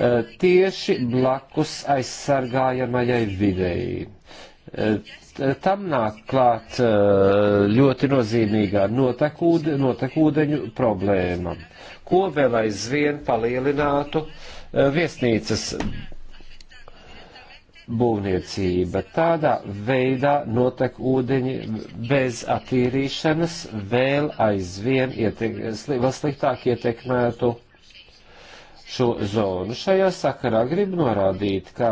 Eh, tieši blakus aizsargājamajai videi. Eh, tam nāk klāt eh, ļoti nozīmīgā notekūde, notekūdeņu problēma, ko vēl aizvien palielinātu viesnīcas būvniecība. Tādā veidā notek ūdeņi bez attīrīšanas vēl aizvien ietek, vēl sliktāk ietekmētu šo zonu. Šajā sakarā grib norādīt, ka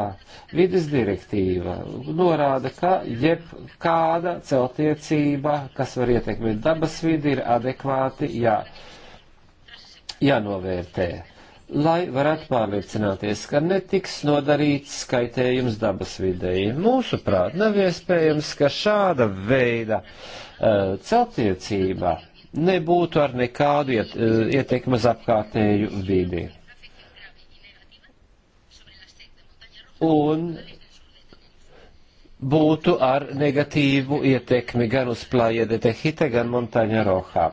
vidas direktīva norāda, ka jebkāda celtniecība, kas var ietekmēt dabas vidi, ir adekvāti jā, jānovērtē lai varētu pārliecināties, ka netiks nodarīts skaitējums dabas videi. Mūsuprāt, nav iespējams, ka šāda veida uh, celtniecība nebūtu ar nekādu iet, uh, ietekmi uz apkārtēju vidi. un būtu ar negatīvu ietekmi gan uz Playa de Tehite, gan Montaņa Rohā.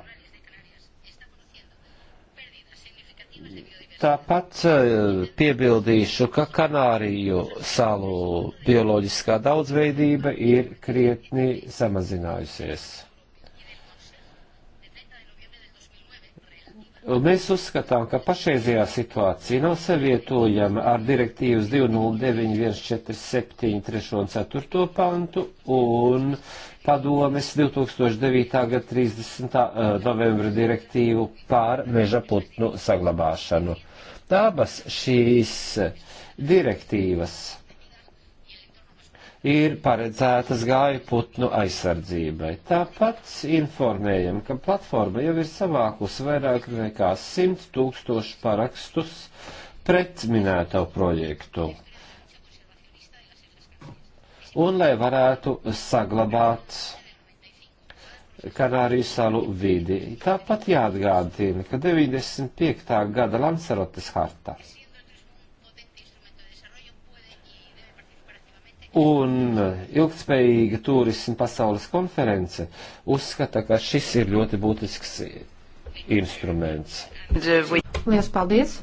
Tāpat eh, piebildīšu, ka Kanāriju salu bioloģiskā daudzveidība ir krietni samazinājusies. Mēs uzskatām, ka pašreizējā situācija nav savietojama ar direktīvas 209147 3. un 4. pantu un padomes 2009. gada 30. Eh, novembra direktīvu pār meža putnu saglabāšanu. Abas šīs direktīvas ir paredzētas gāju putnu aizsardzībai. Tāpat informējam, ka platforma jau ir savākus vairāk nekā 100 tūkstošu parakstus pret minēto projektu. Un lai varētu saglabāt Kanāriju salu vidi. Tāpat jāatgādina, ka 95. gada Lansarotes hartas un eh, ilgtspējīga turisma pasaules konference uzskata, ka šis ir ļoti būtisks instruments. Lielas paldies!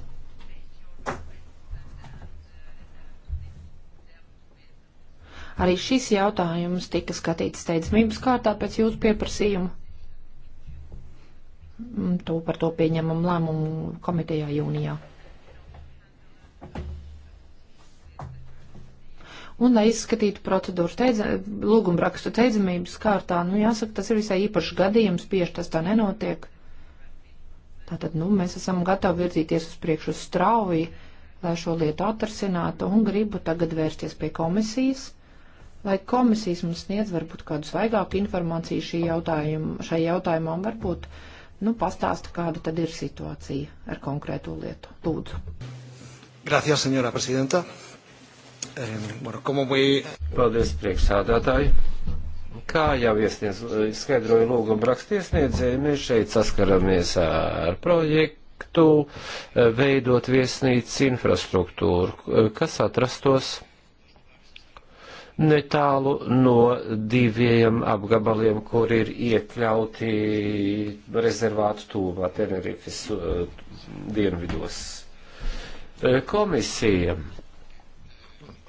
Arī šis jautājums tika skatīts steidzamības kārtā pēc jūsu pieprasījuma. To par to pieņemam lēmumu komitejā jūnijā un lai izskatītu procedūru teidz, lūgumrakstu teidzamības kārtā, nu jāsaka, tas ir visai īpašs gadījums, bieži tas tā nenotiek. Tātad, nu, mēs esam gatavi virzīties uz priekšu strauji, lai šo lietu atrasinātu, un gribu tagad vērsties pie komisijas, lai komisijas mums sniedz varbūt kādu svaigāku informāciju šī jautājuma, šai jautājumā, un varbūt, nu, pastāsta, kāda tad ir situācija ar konkrēto lietu. Lūdzu. Gracias, señora presidenta. Bueno, como muy... Paldies, priekšsādātāji. Kā jau iesniedz, skaidroja lūguma rakstiesniedzēji, mēs šeit saskaramies ar projektu e, veidot viesnīcas infrastruktūru, e, kas atrastos netālu no diviem apgabaliem, kur ir iekļauti rezervātu tūmā Tenerifes e, dienvidos. Komisija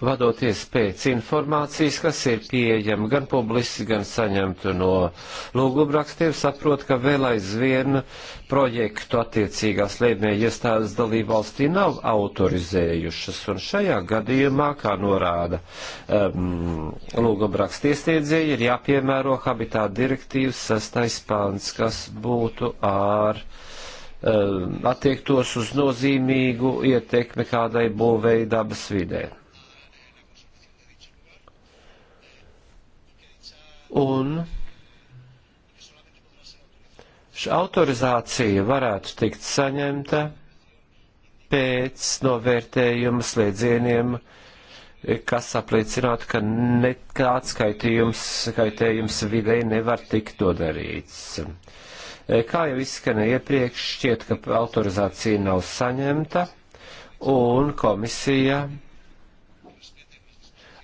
vadoties pēc informācijas, kas ir pieejama gan publiski, gan saņemta no lūgumrakstiem, saprot, ka vēl aizvien projektu attiecīgās lēmēja iestādes dalībvalstī nav autorizējušas. Un šajā gadījumā, kā norāda um, lūgumraksta iestiedzēji, ir jāpiemēro habitā direktīvas sastais pants, kas būtu ar um, attiektos uz nozīmīgu ietekmi kādai būvēja dabas vidē. un šī autorizācija varētu tikt saņemta pēc novērtējuma slēdzieniem, kas apliecinātu, ka nekāds kaitījums, kaitējums videi nevar tikt nodarīts. Kā jau izskanēja iepriekš, šķiet, ka autorizācija nav saņemta, un komisija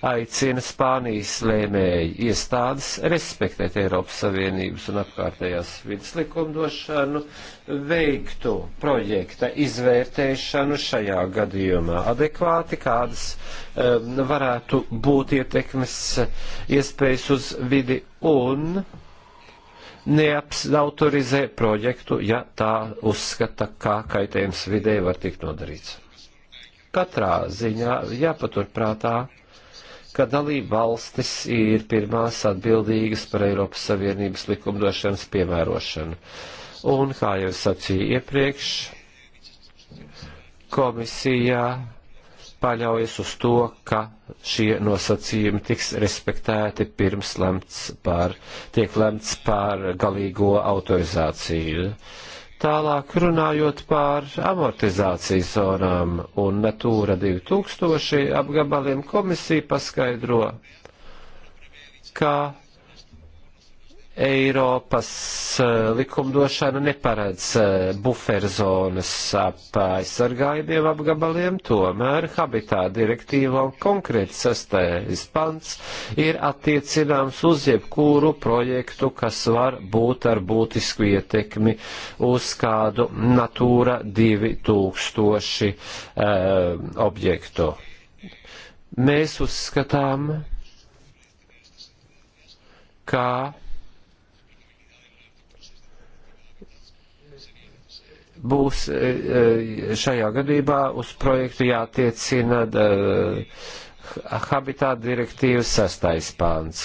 aicina Spānijas lēmēji iestādes respektēt Eiropas Savienības un apkārtējās vidas likumdošanu, veiktu projekta izvērtēšanu šajā gadījumā adekvāti, kādas um, varētu būt ietekmes uh, iespējas uz vidi un neapsautorizē projektu, ja tā uzskata, kā kaitējums vidē var tikt nodarīts. Katrā ziņā jāpaturprātā. Ja ka dalība valstis ir pirmās atbildīgas par Eiropas Savienības likumdošanas piemērošanu. Un, kā jau sacīju iepriekš, komisijā paļaujas uz to, ka šie nosacījumi tiks respektēti pirms lemts par, tiek lemts par galīgo autorizāciju. Uh, Tālāk runājot par amortizācijas zonām un Natūra 2000 apgabaliem, komisija paskaidro, ka Eiropas eh, likumdošana neparedz eh, buferzonas ap aizsargājumiem apgabaliem, tomēr habitā direktīvā konkrēti sastais pants ir attiecināms uz jebkuru projektu, kas var būt ar būtisku ietekmi uz kādu Natūra 2000 eh, objektu. Mēs uzskatām, ka būs e, e, šajā gadībā uz projektu jātiecina e, habitāta direktīvas sastais pāns.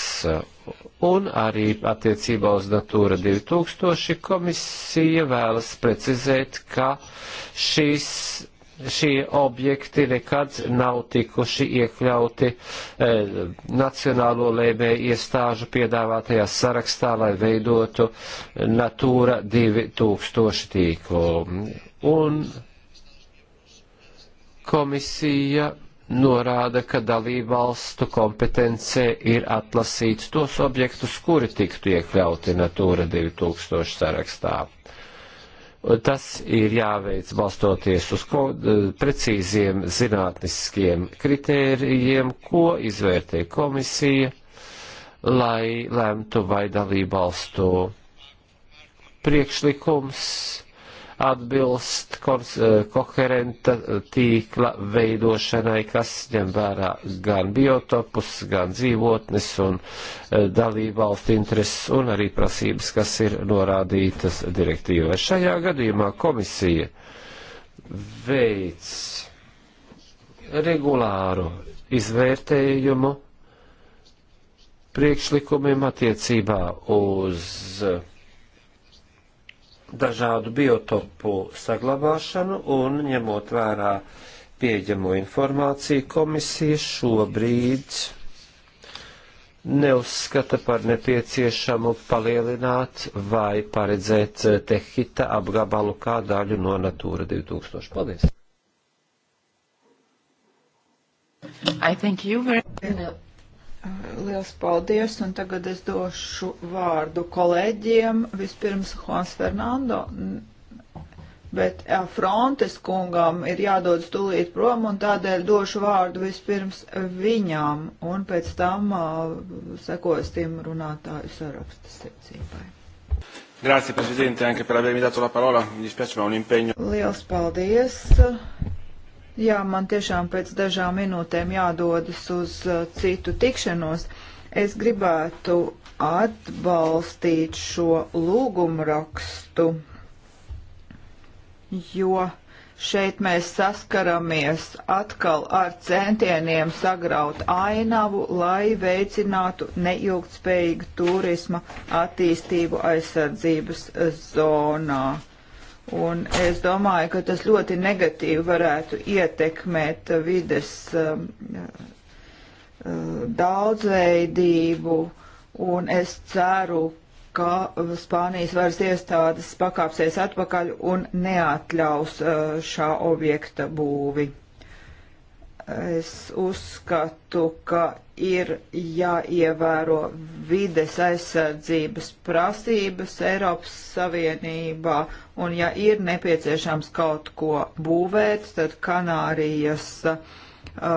Un arī attiecībā uz Natūra 2000 komisija vēlas precizēt, ka šīs šie objekti nekad nav tikuši iekļauti e, Nacionālo lēmēju iestāžu piedāvātajā sarakstā, lai veidotu Natūra 2000 tīklu. Un komisija norāda, ka dalībvalstu kompetencē ir atlasīt tos objektus, kuri tiktu iekļauti Natūra 2000 sarakstā. Tas ir jāveic balstoties uz precīziem zinātniskiem kritērijiem, ko izvērtē komisija, lai lemtu vai dalībvalstu priekšlikums atbilst eh, koherenta eh, tīkla veidošanai, kas ņem vērā gan biotopus, gan dzīvotnes un eh, dalībvalstu intereses un arī prasības, kas ir norādītas direktīvā. Šajā gadījumā komisija veids regulāru izvērtējumu priekšlikumiem attiecībā uz uh, dažādu biotopu saglabāšanu un ņemot vērā pieejamo informāciju komisija šobrīd neuzskata par nepieciešamu palielināt vai paredzēt tehita apgabalu kā daļu no Natūra 2000. Paldies! I thank you very much. Liels paldies, un tagad es došu vārdu kolēģiem. Vispirms Juans Fernando, bet Frontes kungam ir jādod stulīt prom, un tādēļ došu vārdu vispirms viņām, un pēc tam uh, sekos tiem runātāju sarakstu secībai. Grazie, Presidente, anche per avermi dato la parola. Mi dispiace, ma un impegno. Liels paldies. Uh, Jā, man tiešām pēc dažām minūtēm jādodas uz uh, citu tikšanos. Es gribētu atbalstīt šo lūgumu rakstu, jo šeit mēs saskaramies atkal ar centieniem sagraut ainavu, lai veicinātu neilgtspējīgu turisma attīstību aizsardzības zonā. Un es domāju, ka tas ļoti negatīvi varētu ietekmēt vides um, uh, daudzveidību, un es ceru, ka Spānijas varas iestādes pakāpsies atpakaļ un neatļaus uh, šā objekta būvi. Es uzskatu, ka ir jāievēro vides aizsardzības prasības Eiropas Savienībā, un ja ir nepieciešams kaut ko būvēt, tad Kanārijas uh,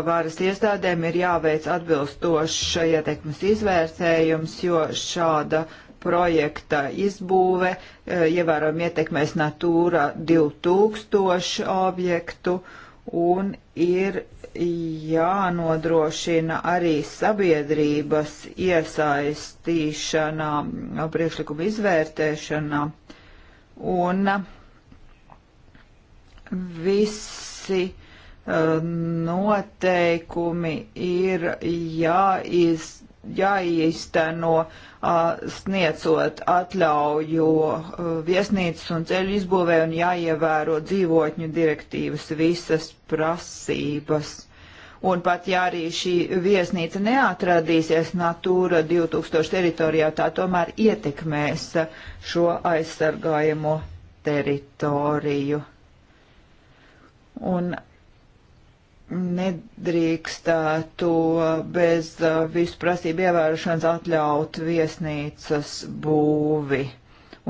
varas iestādēm ir jāveic atbilstošs ietekmes izvērtējums, jo šāda projekta izbūve uh, ievērojami ietekmēs Natūra 2000 objektu un ir jānodrošina arī sabiedrības iesaistīšanā, um, priekšlikuma izvērtēšanā un um, visi um, noteikumi ir jāiz jāīsteno sniedzot atļauju viesnīcas un ceļu izbūvē un jāievēro dzīvotņu direktīvas visas prasības. Un pat ja arī šī viesnīca neatradīsies Natūra 2000 teritorijā, tā tomēr ietekmēs šo aizsargājamo teritoriju. Un nedrīkstētu bez uh, visu prasību ievērošanas atļaut viesnīcas būvi.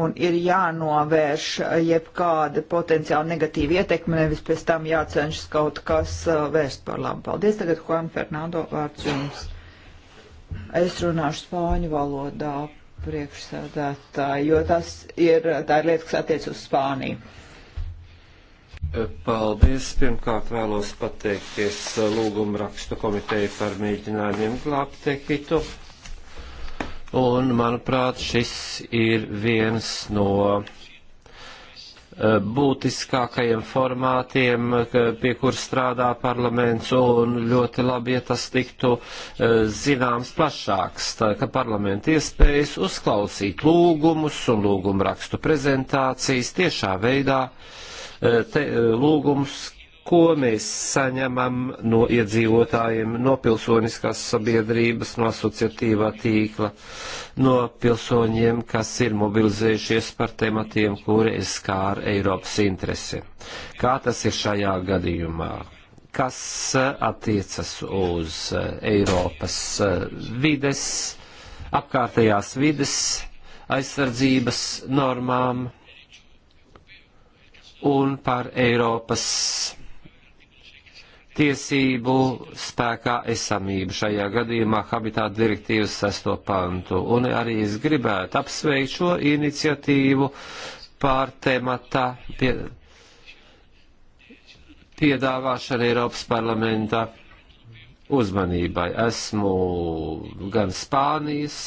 Un ir jānovērš jebkāda potenciāla negatīva ietekme, nevis pēc tam jācenšas kaut kas uh, vērst par labu. Paldies tagad, Juan Fernando, vārds jums. Es runāšu spāņu valodā priekšsēdētāji, jo tas ir, tā ir lieta, kas attiec uz Spāniju. Paldies! Pirmkārt vēlos pateikties uh, lūguma rakstu komiteju par mēģinājumiem glābt Tehitu. Un, manuprāt, šis ir viens no uh, būtiskākajiem formātiem, pie kur strādā parlaments, un ļoti labi, ja tas tiktu uh, zināms plašāks, tā ka parlamenta iespējas uzklausīt lūgumus un lūgumu rakstu prezentācijas tiešā veidā uh, Eh, te, eh, lūgumus, ko mēs saņemam no iedzīvotājiem, no pilsoniskās sabiedrības, no asociatīvā tīkla, no pilsoņiem, kas ir mobilizējušies par tematiem, kuri skār Eiropas interesi. Kā tas ir šajā gadījumā? Kas eh, attiecas uz Eiropas vides, apkārtējās vides aizsardzības normām? un par Eiropas tiesību spēkā esamību šajā gadījumā habitāta direktīvas sesto pantu. Un arī es gribētu apsveikt šo iniciatīvu pār temata pie, piedāvāšanu Eiropas parlamenta uzmanībai. Esmu gan Spānijas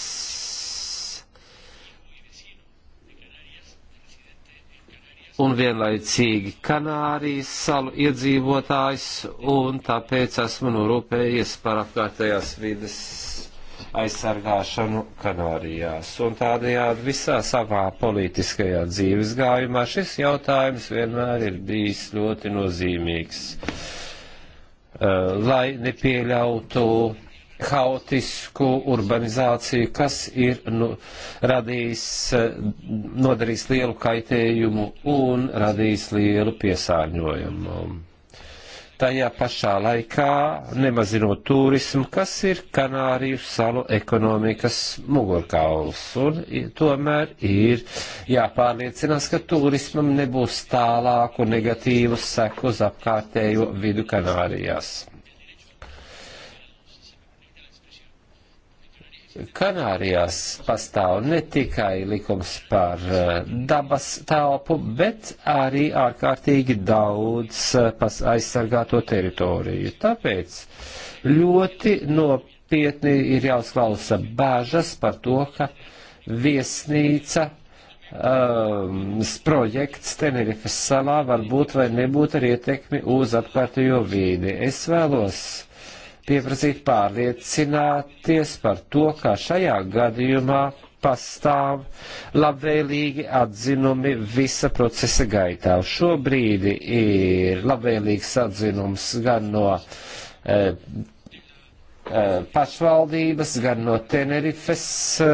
un vienlaicīgi Kanārijas salu iedzīvotājs, un tāpēc esmu norūpējies par apkārtējās vides aizsargāšanu Kanārijās. Un tādējādi visā savā politiskajā dzīves gājumā šis jautājums vienmēr ir bijis ļoti nozīmīgs, uh, lai nepieļautu haotisku urbanizāciju, kas ir nu, radījis, eh, nodarījis lielu kaitējumu un radījis lielu piesārņojumu. Tajā pašā laikā nemazinot turismu, kas ir Kanāriju salu ekonomikas mugurkauls, un tomēr ir jāpārliecinās, ka turismam nebūs tālāku negatīvu seku uz apkārtējo vidu Kanārijās Kanārijās pastāv ne tikai likums par eh, dabas telpu, bet arī ārkārtīgi daudz eh, aizsargāto teritoriju. Tāpēc ļoti nopietni ir jāuzklausa bāžas par to, ka viesnīca um, projekts Tenerifes salā var būt vai nebūt ar ietekmi uz apkārtējo vīdi. Es vēlos pieprasīt pārliecināties par to, ka šajā gadījumā pastāv labvēlīgi atzinumi visa procesa gaitā. Šobrīd ir labvēlīgs atzinums gan no e, e, pašvaldības, gan no Tenerifes. E,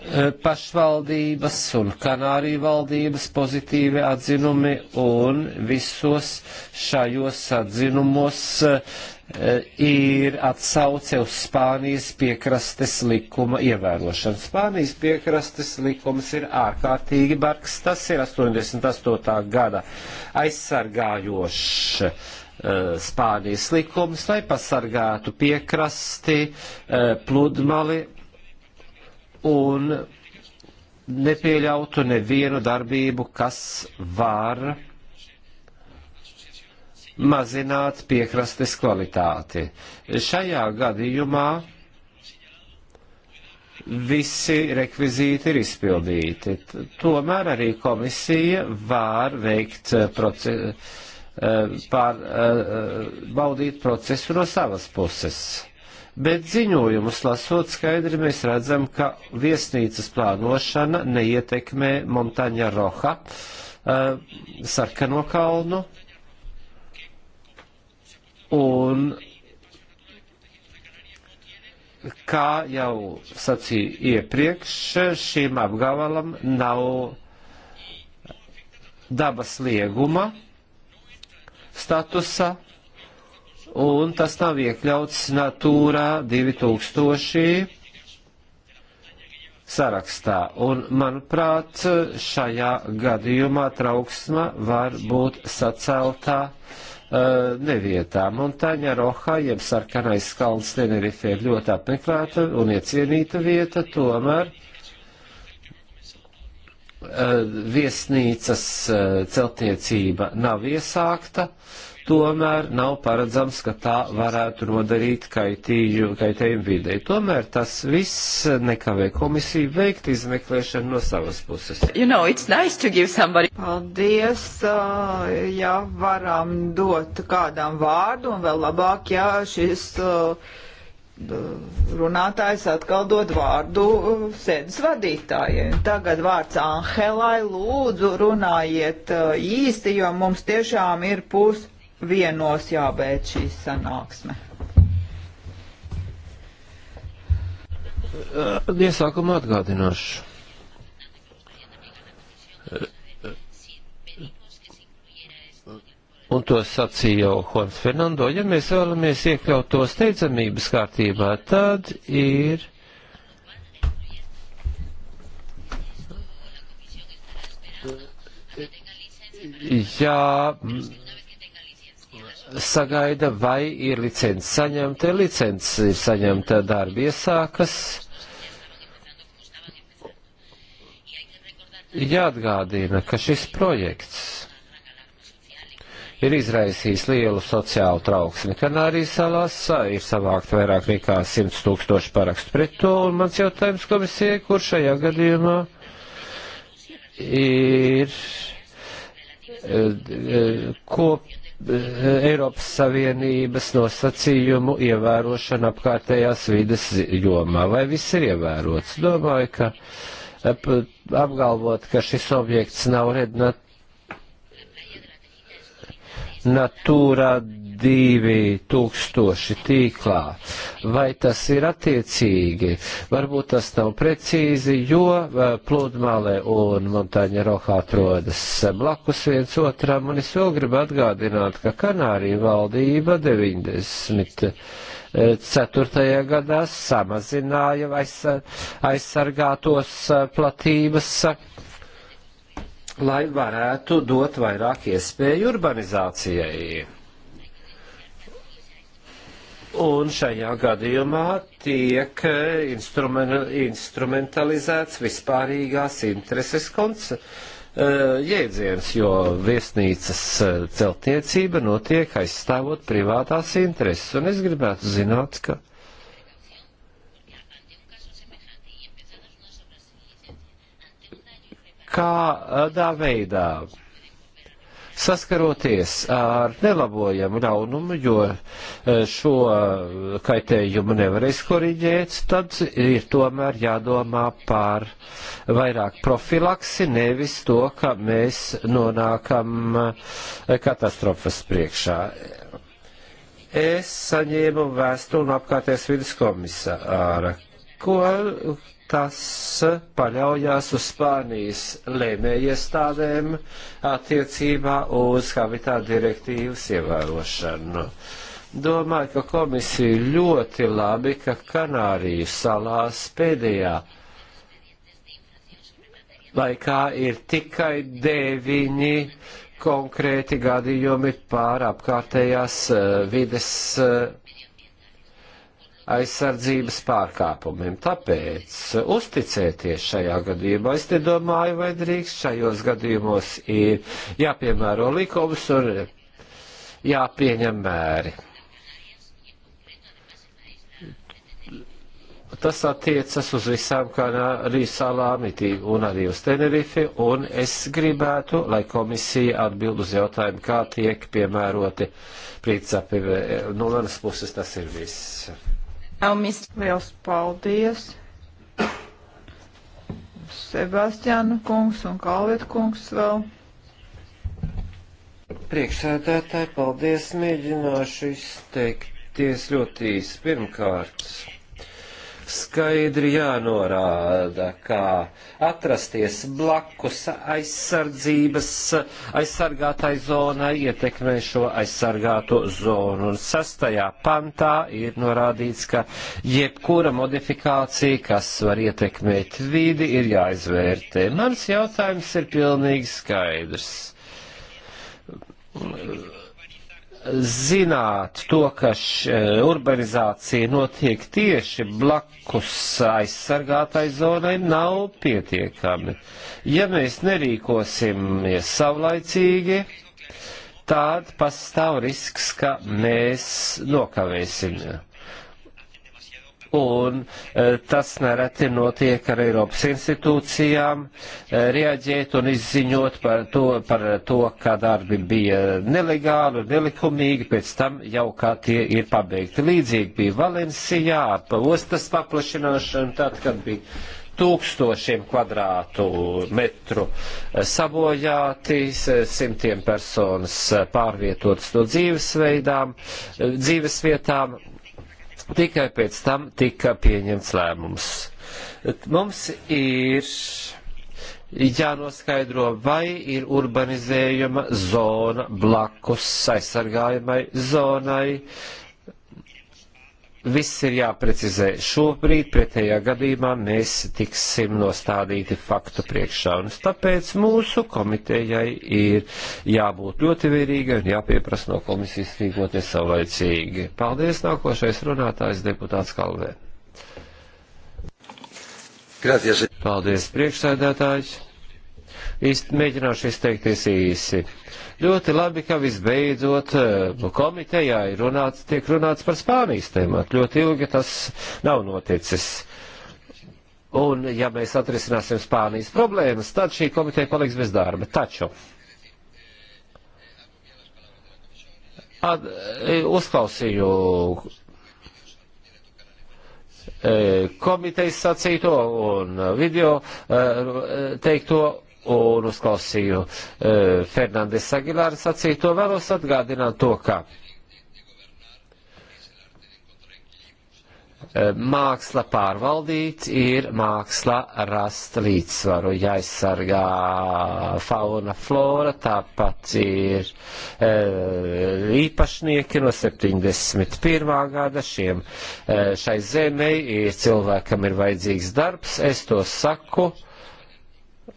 Eh, pašvaldības un Kanāriju valdības pozitīvi atzinumi un visos šajos atzinumos eh, ir atsauce uz Spānijas piekrastes likuma ievērošanu. Spānijas piekrastes likums ir ārkārtīgi bargs, tas ir 88. gada aizsargājošs. Eh, Spānijas likums, lai pasargātu piekrasti, pludmali un nepieļautu nevienu darbību, kas var mazināt piekrastes kvalitāti. Šajā gadījumā visi rekvizīti ir izpildīti. Tomēr arī komisija var veikt eh, procesu, eh, pār, eh, baudīt procesu no savas puses bet ziņojumus lasot skaidri mēs redzam, ka viesnīcas plānošana neietekmē Montaņa Roha uh, sarkano kalnu un kā jau sacīju iepriekš, šim apgabalam nav dabas lieguma statusa, un tas nav iekļauts Natūrā 2000 sarakstā. Un, manuprāt, šajā gadījumā trauksma var būt saceltā uh, nevietām. Un Taņa Roha, jeb sarkanais kalns Tenerife, ir ļoti apmeklēta un iecienīta vieta, tomēr uh, viesnīcas uh, celtniecība nav iesākta. Uh, tomēr nav paredzams, ka tā varētu nodarīt kaitīju, kaitējumu videi. Tomēr tas viss nekavē komisiju veikt izmeklēšanu no savas puses. You know, nice somebody... Paldies, ja varam dot kādām vārdu un vēl labāk, ja šis runātājs atkal dod vārdu sēdes vadītājiem. Tagad vārds Anhelai, lūdzu runājiet īsti, jo mums tiešām ir pus vienos jābeidz šī sanāksme. Iesākumā atgādināšu. Un to sacīja jau Hons Fernando, ja mēs vēlamies iekļaut to steidzamības kārtībā, tad ir. Jā, jāsagaida, vai ir licence saņemta. Licence ir saņemta, darba iesākas. Jāatgādina, ka šis projekts ir izraisījis lielu sociālu trauksmi Kanārijas salās, ir savākt vairāk nekā 100 tūkstoši parakstu pret to, un mans jautājums komisijai, kur šajā gadījumā ir eh, eh, kop Eh, Eiropas Savienības nosacījumu ievērošana apkārtējās vides jomā, vai viss ir ievērots. Domāju, ka eh, apgalvot, ka šis objekts nav redz Natūra 2000 tīklā. Vai tas ir attiecīgi? Varbūt tas nav precīzi, jo eh, pludmale un montaņa rohā atrodas blakus viens otram, un es vēl gribu atgādināt, ka Kanārija valdība 90. 4. Eh, gadā samazināja aizsargātos eh, platības, lai varētu dot vairāk iespēju urbanizācijai. Un šajā gadījumā tiek eh, instrumentalizēts vispārīgās intereses koncepts eh, jēdziens, jo viesnīcas eh, celtniecība notiek aizstāvot privātās intereses, un es gribētu zināt, ka. Kādā veidā saskaroties ar nelabojamu ļaunumu, jo e, šo kaitējumu nevarēs koriģēt, tad ir tomēr jādomā par vairāk profilaksi, nevis to, ka mēs nonākam e, katastrofas priekšā. Es saņēmu vēstuli no apkārtējās vidas komisāra, ko tas paļaujās uz Spānijas lēmējiestādēm attiecībā uz habitā direktīvas ievērošanu. Domāju, ka komisija ļoti labi, ka Kanāriju salās pēdējā laikā ir tikai deviņi konkrēti gadījumi pār apkārtējās eh, vides eh, aizsardzības pārkāpumiem. Tāpēc uzticēties šajā gadījumā, es nedomāju, vai drīkst šajos gadījumos ir jāpiemēro likums un jāpieņem mēri. Tas attiecas uz visām Kanārijas salām un arī uz Tenerifi, un es gribētu, lai komisija atbild uz jautājumu, kā tiek piemēroti principi. No manas puses tas ir viss. Liels paldies! Sebastiāna kungs un Kalviet kungs vēl. Priekšsēdētāji, paldies, mēģināšu izteikties ļoti īsi. Pirmkārt, skaidri jānorāda, kā atrasties blakus aizsardzības, aizsargātai zonai ietekmē šo aizsargāto zonu. Un sastajā pantā ir norādīts, ka jebkura modifikācija, kas var ietekmēt vidi, ir jāizvērtē. Mans jautājums ir pilnīgi skaidrs zināt to, ka urbanizācija notiek tieši blakus aizsargātai zonai, nav pietiekami. Ja mēs nerīkosimies savlaicīgi, tad pastāv risks, ka mēs nokavēsim un e, tas nereti notiek ar Eiropas institūcijām, e, reaģēt un izziņot par to, par to ka darbi bija nelegāli un nelikumīgi, pēc tam jau kā tie ir pabeigti. Līdzīgi bija Valencijā, pa ostas paplašināšanu, tad, kad bija tūkstošiem kvadrātu metru e, sabojātīs, simtiem personas pārvietotas no dzīvesveidām, dzīvesvietām, Tikai pēc tam tika pieņemts lēmums. Mums ir jānoskaidro, vai ir urbanizējuma zona blakus aizsargājumai zonai, Viss ir jāprecizē šobrīd, pretējā gadījumā mēs tiksim nostādīti faktu priekšā. Un tāpēc mūsu komitejai ir jābūt ļoti vērīgai un jāpieprasa no komisijas rīkoties savlaicīgi. Paldies, nākošais runātājs deputāts Kalvē. Gracias. Paldies, priekšsēdētājs. Mēģināšu izteikties īsi. Ļoti labi, ka visbeidzot eh, komitejā ir runāts, tiek runāts par Spānijas tēmātu. Ļoti ilgi tas nav noticis. Un ja mēs atrisināsim Spānijas problēmas, tad šī komiteja paliks bez darba. Taču. At, e, uzklausīju e, komitejas sacīto un video e, teikto un uzklausīju e, Fernandes Agilāra sacīto, vēlos atgādināt to, ka e, māksla pārvaldīt ir māksla rast līdzsvaru, jāizsargā fauna, flora, tāpat ir e, īpašnieki no 71. gada šiem, e, šai zemei ir cilvēkam ir vajadzīgs darbs, es to saku. E,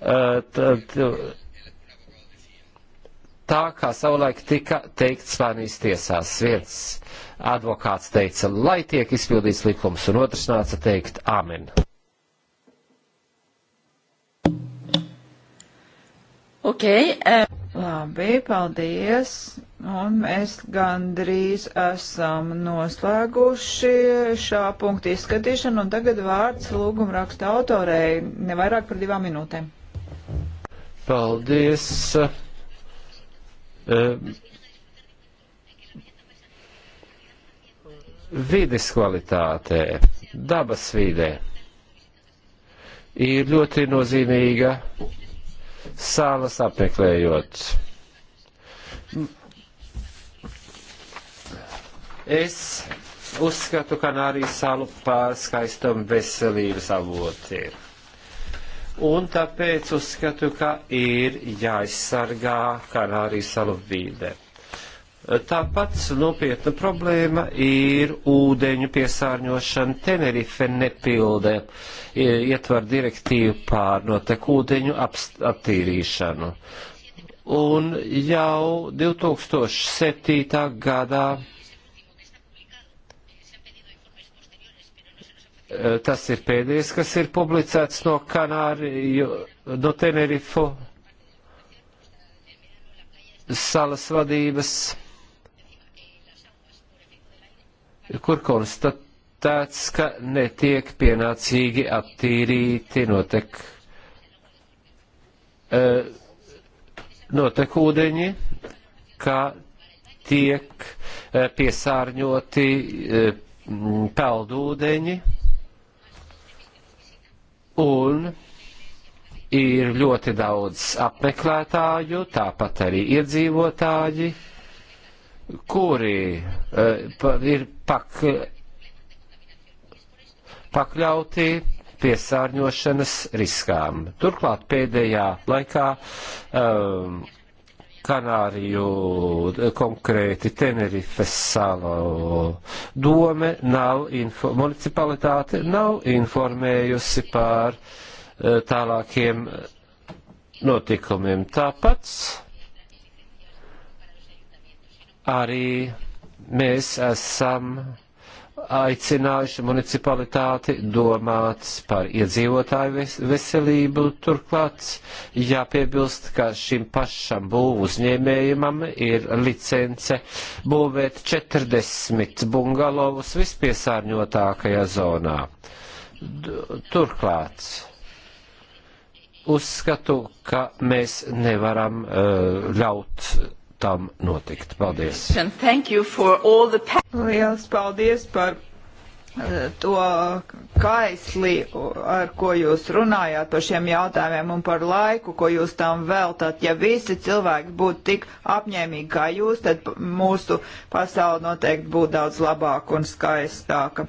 Eh, tad, tā kā savulaik tika teikt Spānijas tiesās. Viens advokāts teica, lai tiek izpildīts likums, un otrs nāca teikt amen. Ok, uh... labi, paldies. Un mēs gandrīz esam noslēguši šā punkta izskatīšanu, un tagad vārds lūguma raksta autorei nevairāk par divām minūtēm. Paldies. Eh, vides kvalitātē, dabas vidē ir ļoti nozīmīga salas apmeklējot. Es uzskatu Kanārijas salu par skaistumu veselības avotiem un tāpēc uzskatu, ka ir jāizsargā Kanārijas salu vīde. Tāpat nopietna problēma ir ūdeņu piesārņošana. Tenerife nepilda ietvar direktīvu pār noteku ūdeņu attīrīšanu. Un jau 2007. gadā Eh, tas ir pēdējais, kas ir publicēts no Kanāriju, no Tenerifu salas vadības, kur konstatēts, ka netiek pienācīgi attīrīti notek. Uh, eh, notekūdeņi, kā tiek eh, piesārņoti peldūdeņi, Un ir ļoti daudz apmeklētāju, tāpat arī iedzīvotāji, kuri uh, ir pak, pakļauti piesārņošanas riskām. Turklāt pēdējā laikā um, uh, Kanāriju, konkrēti Tenerifes salu dome nav, info, municipalitāte nav informējusi pār eh, tālākiem notikumiem. Tāpat arī mēs esam aicinājuši municipalitāti domāt par iedzīvotāju veselību. Turklāt jāpiebilst, ka šim pašam būvu uzņēmējumam ir licence būvēt 40 bungalovus vispiesārņotākajā zonā. Turklāt uzskatu, ka mēs nevaram uh, ļaut tam notikt. Paldies! Lielas paldies par eh, to kaislī, ar ko jūs runājāt par šiem jautājumiem un par laiku, ko jūs tam veltāt. Ja visi cilvēki būtu tik apņēmīgi kā jūs, tad mūsu pasauli noteikti būtu daudz labāka un skaistāka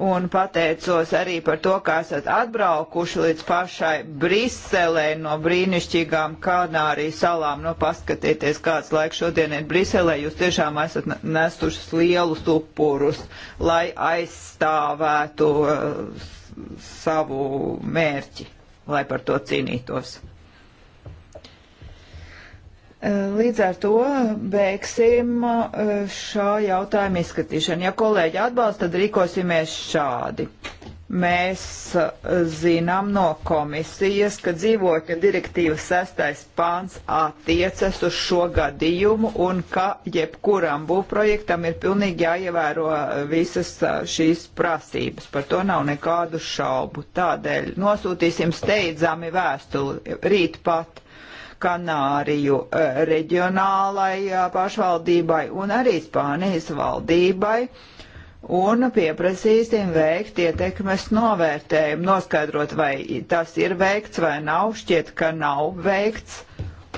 un pateicos arī par to, ka esat atbraukuši līdz pašai Briselē no brīnišķīgām Kanārijas salām. Nu, paskatieties, kāds laiks šodien ir Briselē. Jūs tiešām esat nestušas lielus upurus, lai aizstāvētu uh, savu mērķi, lai par to cīnītos. Eh, līdz ar to beigsim eh, šā jautājuma izskatīšanu. Ja kolēģi atbalsta, tad rīkosimies šādi. Mēs eh, zinām no komisijas, ka dzīvokļa direktīvas sestais pāns attiecas uz šo gadījumu un ka jebkuram būvprojektam ir pilnīgi jāievēro visas šīs prasības. Par to nav nekādu šaubu. Tādēļ nosūtīsim steidzami vēstuli rīt pat Kanāriju eh, reģionālai eh, pašvaldībai un arī Spānijas valdībai un pieprasīsim veikt ietekmes novērtējumu, noskaidrot, vai tas ir veikts vai nav, šķiet, ka nav veikts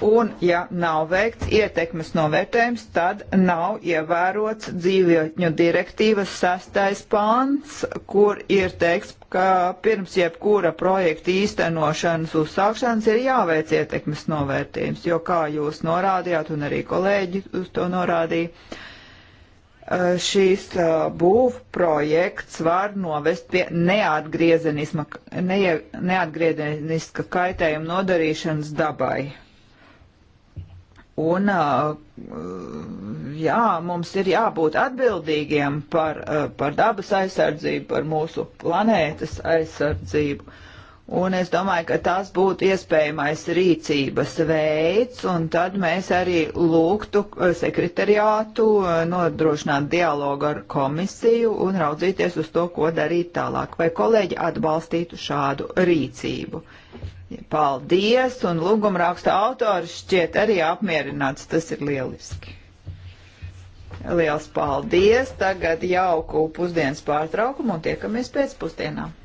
un ja nav veikts ietekmes novērtējums, tad nav ievērots dzīvotņu direktīvas sastais pants, kur ir teiks, ka pirms jebkura projekta īstenošanas uzsākšanas ir jāveic ietekmes novērtējums, jo kā jūs norādījāt un arī kolēģi uz to norādīja, eh, šīs eh, būv projekts var novest pie neatgriezenisma, ne, neatgriezeniska kaitējuma nodarīšanas dabai. Un, uh, jā, mums ir jābūt atbildīgiem par, uh, par dabas aizsardzību, par mūsu planētas aizsardzību. Un es domāju, ka tas būtu iespējamais rīcības veids, un tad mēs arī lūgtu uh, sekretariātu nodrošināt dialogu ar komisiju un raudzīties uz to, ko darīt tālāk. Vai kolēģi atbalstītu šādu rīcību? Uh, Paldies, un lūguma raksta autors šķiet arī apmierināts. Tas ir lieliski. Liels paldies! Tagad jauku pusdienas pārtraukumu un tiekamies pēc pusdienām.